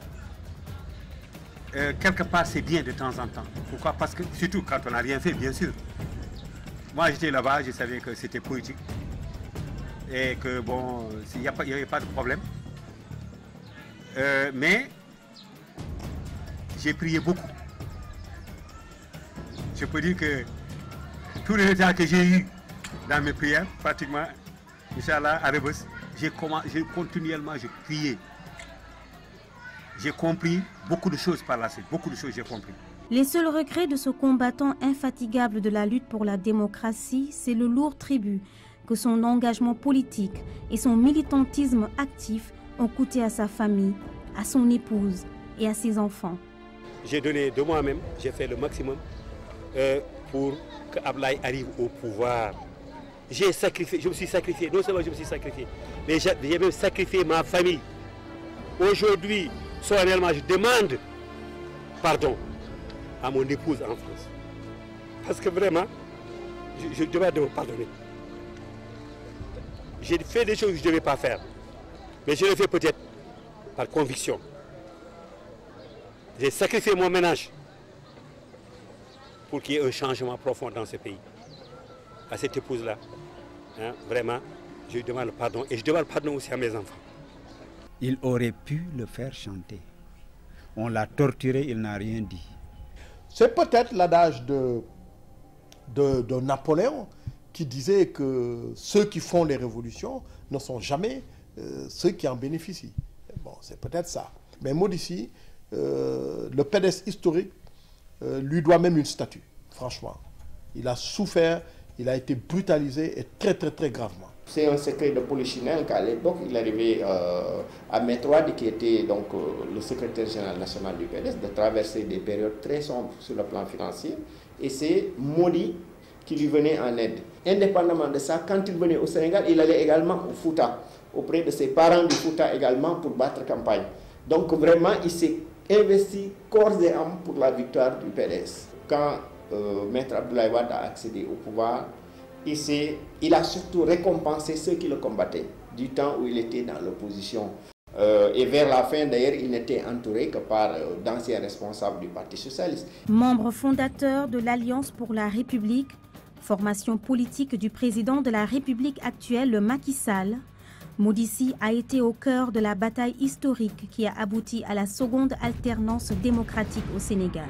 A: euh, quelque part, c'est bien de temps en temps. Pourquoi Parce que, surtout quand on n'a rien fait, bien sûr. Moi, j'étais là-bas, je savais que c'était politique. Et que, bon, il n'y avait pas de problème. mais, j'ai prié beaucoup je peux dire que tous les résultats que j'ai eus dans mes prières, pratiquement, j'ai continuellement j'ai J'ai compris beaucoup de choses par la suite, beaucoup de choses j'ai compris.
B: Les seuls regrets de ce combattant infatigable de la lutte pour la démocratie, c'est le lourd tribut que son engagement politique et son militantisme actif ont coûté à sa famille, à son épouse et à ses enfants.
A: J'ai donné de moi-même, j'ai fait le maximum euh, pour que Ablaï arrive au pouvoir. J'ai sacrifié, je me suis sacrifié, non seulement je me suis sacrifié, mais j'ai même sacrifié ma famille. Aujourd'hui, solennellement, je demande pardon à mon épouse en France. Parce que vraiment, je, je me pardonner. J'ai fait des choses que je ne devais pas faire. Mais je le fais peut-être par conviction. J'ai sacrifié mon ménage pour qu'il y ait un changement profond dans ce pays. À cette épouse-là, hein, vraiment, je lui demande pardon et je demande pardon aussi à mes enfants. Il aurait pu le faire chanter. On l'a torturé, il n'a rien dit. C'est peut-être l'adage de, de,
I: Napoléon qui disait que ceux qui font les révolutions ne sont jamais euh, ceux qui en bénéficient. Bon, c'est peut-être ça. Mais moi, euh, le pédestre historique euh, lui doit même une statue, franchement. Il a souffert, il a été brutalisé et très très très gravement.
J: C'est un secret de Polichinelle qu'à l'époque, il arrivait euh, à Métroide, qui était donc euh, le secrétaire général national du PDS, de traverser des périodes très sombres sur le plan financier. Et c'est Modi qui lui venait en aide. Indépendamment de ça, quand il venait au Sénégal, il allait également au Fouta, auprès de ses parents du Fouta également pour battre campagne. Donc vraiment, il s'est investi corps et âme pour la victoire du PDS. Quand euh, Maître Abdoulaye Wade a accédé au pouvoir, il, il a surtout récompensé ceux qui le combattaient du temps où il était dans l'opposition. Euh, et vers la fin, d'ailleurs, il n'était entouré que par euh, d'anciens responsables du Parti socialiste.
B: Membre fondateur de l'Alliance pour la République, formation politique du président de la République actuelle, Macky Sall, Moudissi a été au cœur de la bataille historique qui a abouti à la seconde alternance démocratique au Sénégal.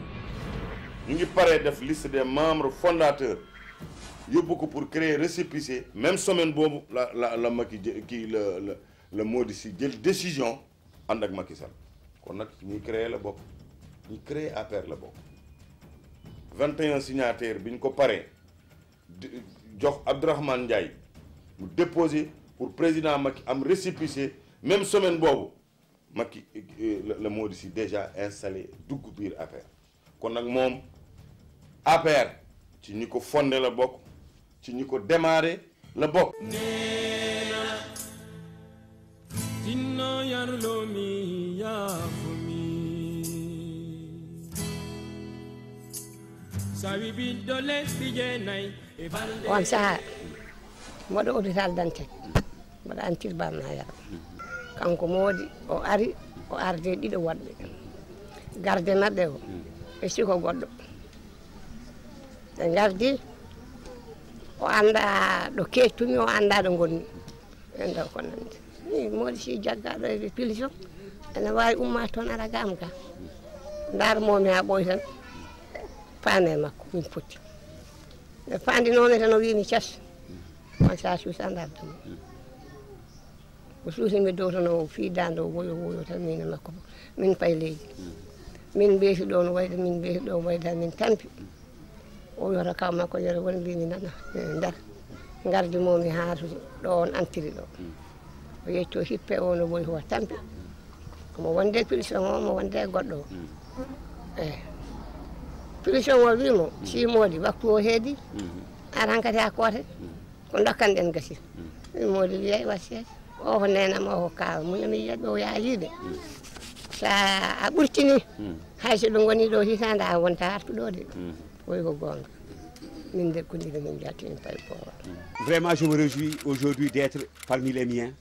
E: Nous avons la liste des membres fondateurs beaucoup pour créer récépissé même semaine bon la la la Macky qui le le Moudissi jël décision ànd Macky Sall Nous créé créer la bokk Nous créer la 21 signataires Nous ko Abdrahman Ndiaye déposé pour président Macky am récépissé même semaine euh, le Macky le mot déjà installé dugg bir affaire kon nak mom APR ci fondé la boc ci démarré
K: mbaɗa antir bamnaya kanko moodi o ari o arde ɗiɗo waɗɓe garde maɓɓe o e siko goɗɗo ɓe gardi o anda ɗo kettumi o anda ɗo gonni ɓen ɗo ko nande i moodi si jaggaɗo e pilisio ene wawi umma toon ara gam ka darmomi e ha ɓoy tan paane makko min poti nde fandinomi noon o wimi cas on sa suusa darde Ususi dootono o وفي o دو woyo tan min e makko fof min pay leydi min mbeeti ɗon wayde min mbeeti ɗon wayde ha min tampi o wiyata kaw makko yere won mbimi nana eh, ndar gardi momi haatu ɗo on antiri ɗo o yecco hippe o no woyi ho tampi omo wonde pulsion o mo wonde goɗɗo o eyi eh. pulsion o wiimo siimoɗi waktu o heedi aran kadi ha koote ko dokkanɗen gasi wimoɗi wiyay oho nenam ka kawa muñami yiya ya yide sa mm. a ɓurtini hay so ɗo goni do hitande a mm. wonta do de koye ko gonga min de kondide min jatini paye powa mm.
A: vraiment je me réjouis aujourd'hui d'être parmi les miens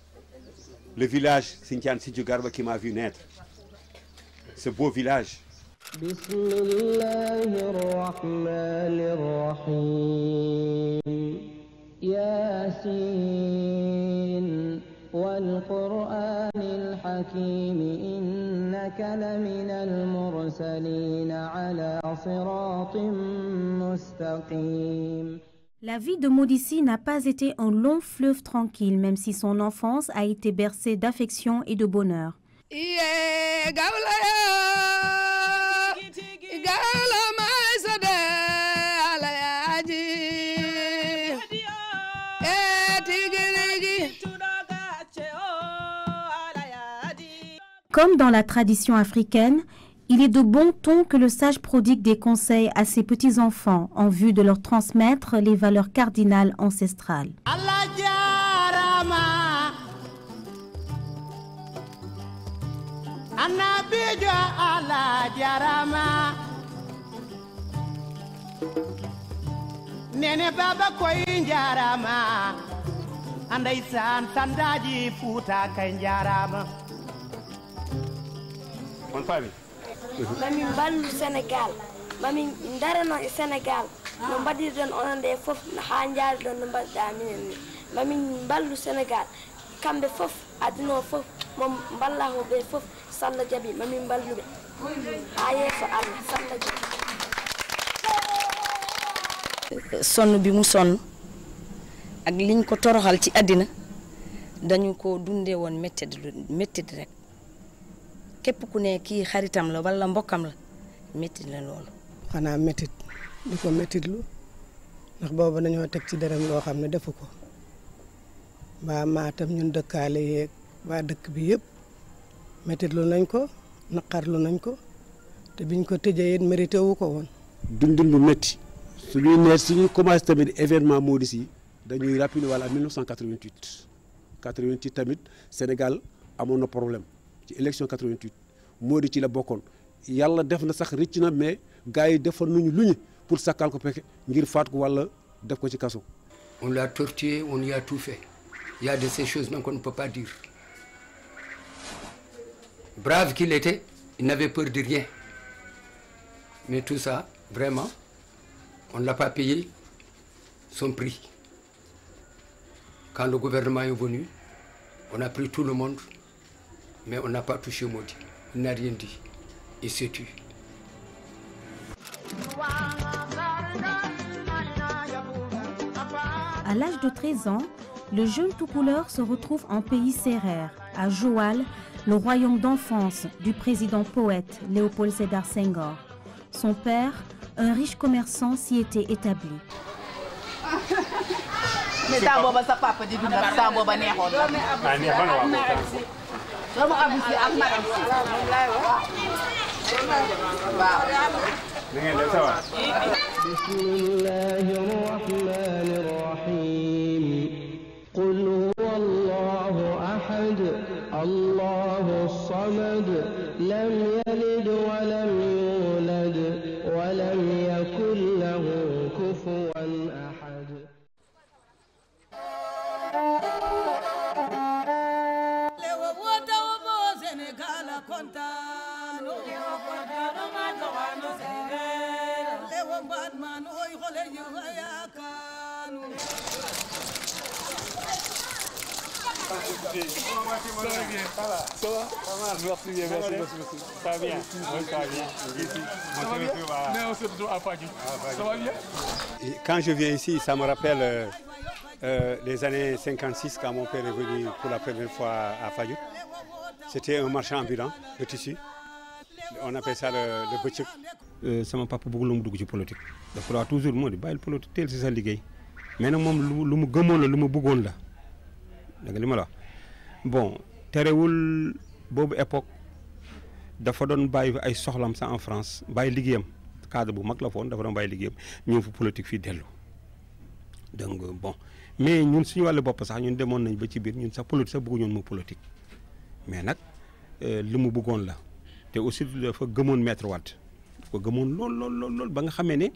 A: le village Sintian Sidjou Garba qui m'a vu naître ce beau village
K: بسم الله الرحمن الرحيم ياسين la
B: vie de Modici n'a pas été un long fleuve tranquille, même si son enfance a été bercée d'affection et de bonheur. Comme dans la tradition africaine, il est de bon ton que le sage prodigue des conseils à ses petits-enfants en vue de leur transmettre les valeurs cardinales ancestrales.
A: man paa mi
K: mami mballu sénégal mami darano e sénégal no mbaɗirɗon onon ɗe fof ha jaariɗon no mbaɗɗa minen ni mami mballu sénégal kamɓe fof aduna o fof mo mballahoɓe fof sallah jaaɓi mami mballuɓe ha yeeso allah sallah jaaɓi sonn bi mu sonn ak liñ ko toroxal ci àddina dañu ko dundee woon métti métti rek képp ku ne kii xaritam la wala mbokkam la métti la loolu. xanaa métit lu ko métitlu ndax boobu nañoo teg ci dërëm loo xam ne defu ko ba maatam ñun dëkkaale yeeg waa dëkk bi yëpp métitlu nañ ko naqarlu nañ ko te biñ ko tëjee it mérité wu ko woon.
A: dundin bu métti suñuy ne suñuy commencé tamit événement Modou yi dañuy rappeler wala 1988 88 tamit Sénégal amoon na problème. élection 88 modi ci la bokone yalla def na sax rëcc mais il yi defal nañu luñu pour sàkkal ko ngir faat ko def ko ci
G: on l'a torturé on y a tout fait il y a de ces choses qu'on ne peut pas dire brave qu'il était il n'avait peur de rien mais tout ça vraiment on ne l'a pas payé son prix quand le gouvernement est venu on a pris tout le monde mais on n'a pas touché maudit, Il n'a rien dit. Il s'est tué.
B: À l'âge de 13 ans, le jeune tout couleur se retrouve en pays serrère, à Joal, le royaume d'enfance du président poète Léopold Sédar Senghor. Son père, un riche commerçant, s'y était établi.
K: بسم
F: الله الرحمن
D: الرحيم قل هو الله أحد الله الصمد لم يلد ولم يولد
B: Ça Ça
A: bien Et Quand je viens ici, ça me rappelle euh, euh, les années 56 quand mon père est venu pour la première fois à Fayou. C'était un marché ambulant de tissu. On appelle ça le, le euh, sama papa lu mu dugg ci politique dafa laa toujours moo di bàyyil politique teel si sa liggéey mais nag moom lu lu mu gëmoon la lu mu bëggoon la danga li ma la bon terewul boobu époque dafa doon bàyyi ay soxlam sa en France bàyyi liggéeyam cadre bu mag la foon dafa doon bàyyi liggéeyam ñëw fu politique fi dellu donc bon mais ñun suñu wàllu bopp sax ñun demoon nañ ba ci biir ñun sa politique sax bëgguñoon mu politique mais nag euh, li mu bëggoon la te aussi dafa gëmoon maître Watt ko gëmoon lool lool lool lool ba nga xamee ne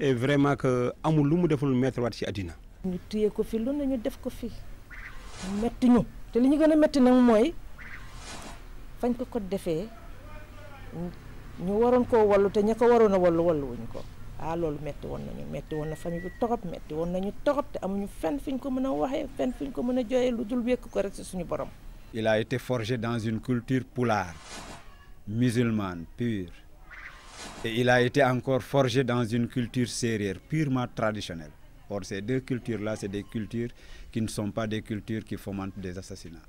A: eh, vraiment que amul lu mu deful Maître Wade ci àddina
K: ñu téye ko fi lu ne ñu def ko fi metti ñu te li ñu gën a metti nag mooy fañ ko ko defee ñu waroon koo wallu te ña ko waroon a wallu wallu wuñ ko ah loolu metti woon nañu metti woon na famille bi torop metti woon nañu torop te amuñu fenn fi ko mën a waxee fenn fi ko mën a jooyee lu dul wékk ko rek ci suñu borom
A: il a été forgé dans une culture poulard musulmane pure il a été encore forgé dans une culture sérieuse purement traditionnelle. Or, ces deux cultures-là, c'est des cultures qui ne sont pas des cultures qui fomentent des assassinats.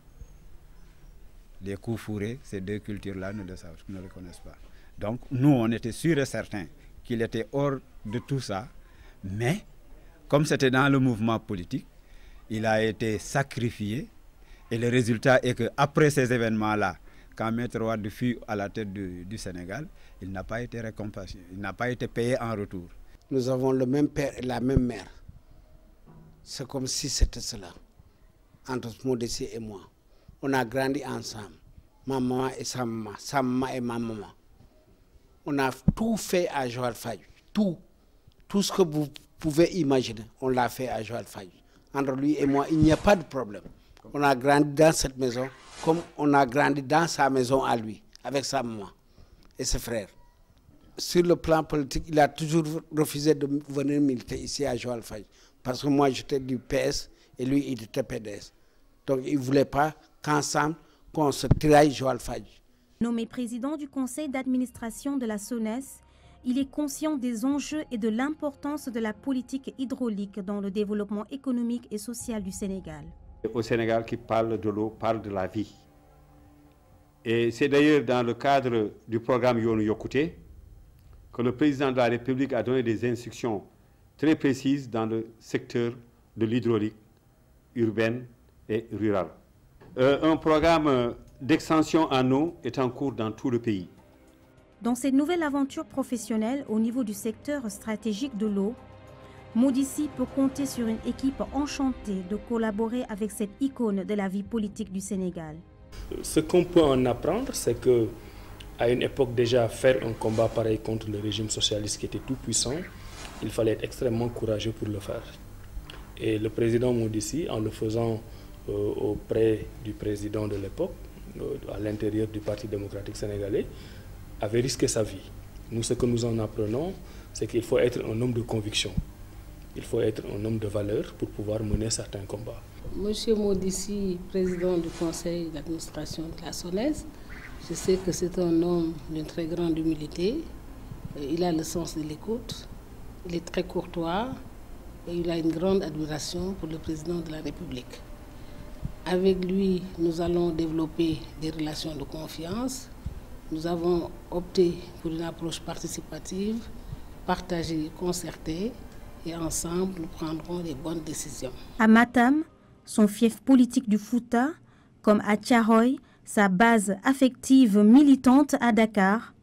A: Les coups fourrés, ces deux cultures-là ne, ne le connaissent pas. Donc, nous, on était sûrs et certains qu'il était hors de tout ça, mais comme c'était dans le mouvement politique, il a été sacrifié. Et le résultat est qu'après ces événements-là, quand Maître de fut à la tête du, Sénégal, il n'a pas été récompensé, il n'a pas été payé en retour.
G: Nous avons le même père et la même mère. C'est comme si c'était cela, entre Modessi et moi. On a grandi ensemble, maman et sa maman, sa maman et ma maman. On a tout fait à Joël Fayou. tout. Tout ce que vous pouvez imaginer, on l'a fait à Joël Faye. Entre lui et moi, il n'y a pas de problème. On a grandi dans cette maison comme on a grandi dans sa maison à lui, avec sa maman et ses frères. Sur le plan politique, il a toujours refusé de venir militer ici à Joal Faye. Parce que moi, j'étais du PS et lui, il était PDS. Donc, il ne voulait pas qu'ensemble, qu'on se trahisse Joal Faye.
B: Nommé président du conseil d'administration de la SONES, il est conscient des enjeux et de l'importance de la politique hydraulique dans le développement économique et social du Sénégal
A: au Sénégal qui parle de l'eau, parle de la vie. Et c'est d'ailleurs dans le cadre du programme yonu Yokouté que le président de la République a donné des instructions très précises dans le secteur de l'hydraulique urbaine et rurale. Euh, un programme d'extension en eau est en cours dans tout le pays.
B: Dans cette nouvelle aventure professionnelle au niveau du secteur stratégique de l'eau, Moudissi peut compter sur une équipe enchantée de collaborer avec cette icône de la vie politique du Sénégal.
A: Ce qu'on peut en apprendre, c'est que à une époque déjà, faire un combat pareil contre le régime socialiste qui était tout puissant, il fallait être extrêmement courageux pour le faire. Et le président Moudissi, en le faisant euh, auprès du président de l'époque, euh, à l'intérieur du Parti démocratique sénégalais, avait risqué sa vie. Nous, ce que nous en apprenons, c'est qu'il faut être un homme de conviction il faut être un homme de valeur pour pouvoir mener certains combats.
K: Monsieur Modici, président du conseil d'administration de la SONES, je sais que c'est un homme d'une très grande humilité. Euh, il a le sens de l'écoute, il est très courtois et il a une grande admiration pour le président de la République. Avec lui, nous allons développer des relations de confiance. Nous avons opté pour une approche participative, partagée, concertée, ensemble, nous prendrons
B: les bonnes décisions. À Matam, son fief politique du Fouta, comme à Tcharoy, sa base affective militante à Dakar,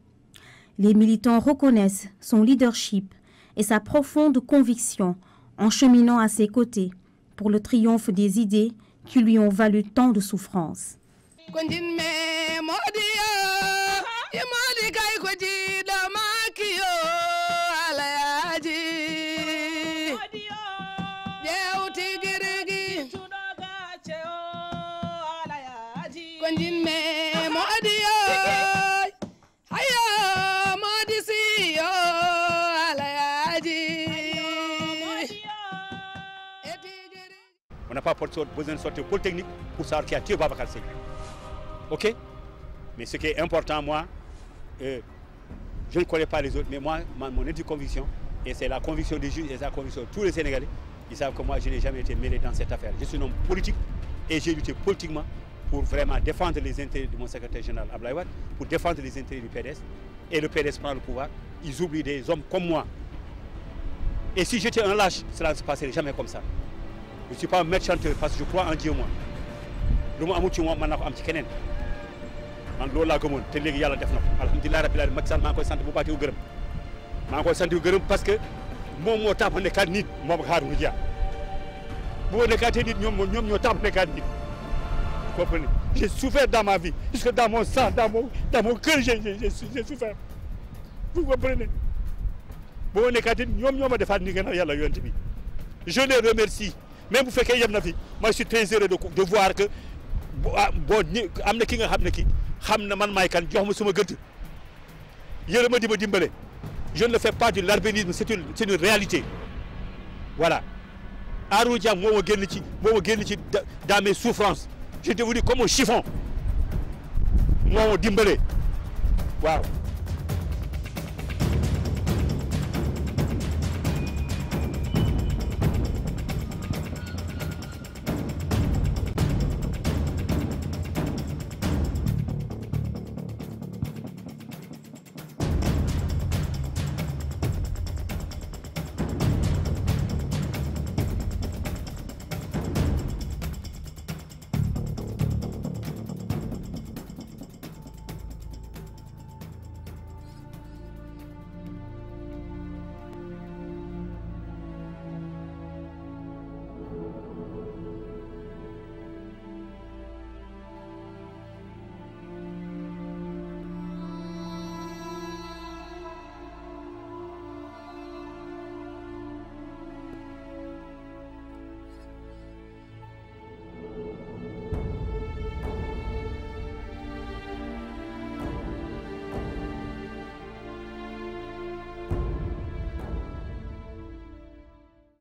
B: les militants reconnaissent son leadership et sa profonde conviction en cheminant à ses côtés pour le triomphe des idées qui lui ont valu tant de souffrances.
A: n'a pas besoin de sortir de technique pour savoir qui a tué Babacar Ok Mais ce qui est important, moi, euh, je ne connais pas les autres, mais moi, ma, mon de conviction, et c'est la conviction des juges et la conviction de tous les Sénégalais, ils savent que moi, je n'ai jamais été mêlé dans cette affaire. Je suis un homme politique et j'ai lutté politiquement pour vraiment défendre les intérêts de mon secrétaire général Ablaïwad, pour défendre les intérêts du PDS. Et le PDS prend le pouvoir. Ils oublient des hommes comme moi. Et si j'étais un lâche, cela ne se passerait jamais comme ça je suis pas un maître parce que je crois en Dieu moi lu amuti amul ci moom mën naa ko am ci keneen man loolu laa gëmoon te léegi yàlla def na ko alhamdulilah rabbil alamin Macky Sall maa ngi koy sant bu baax di ko gërëm maa koy sant di ko parce que moom moo tàmpanekaat nit moom ak Harouna Dia bu ma nekkaatee nit ñoom ñoom ñoo tàmpanekaat nit comprenez j'ai souffert dans ma vie jusque dans mon sang dans mon dans mon cœur j'ai j'ai souffert vous comprenez bu ma nekkaatee nit ñoom ñoo ma defaat ni gën a yàlla yonent je les remercie même vous fekkee yem fi moi je suis très heureux de de voir que bon, ñi qui ki nga xam ne ki xam na man maay kan jox ma suma gëdd yërë ma di je ne le fais pas du larbinisme c'est une c'est une réalité voilà arouja moi, moo ma génn ci moo génn ci dans mes souffrances je vous dis comme un chiffon moo ma dimbale waaw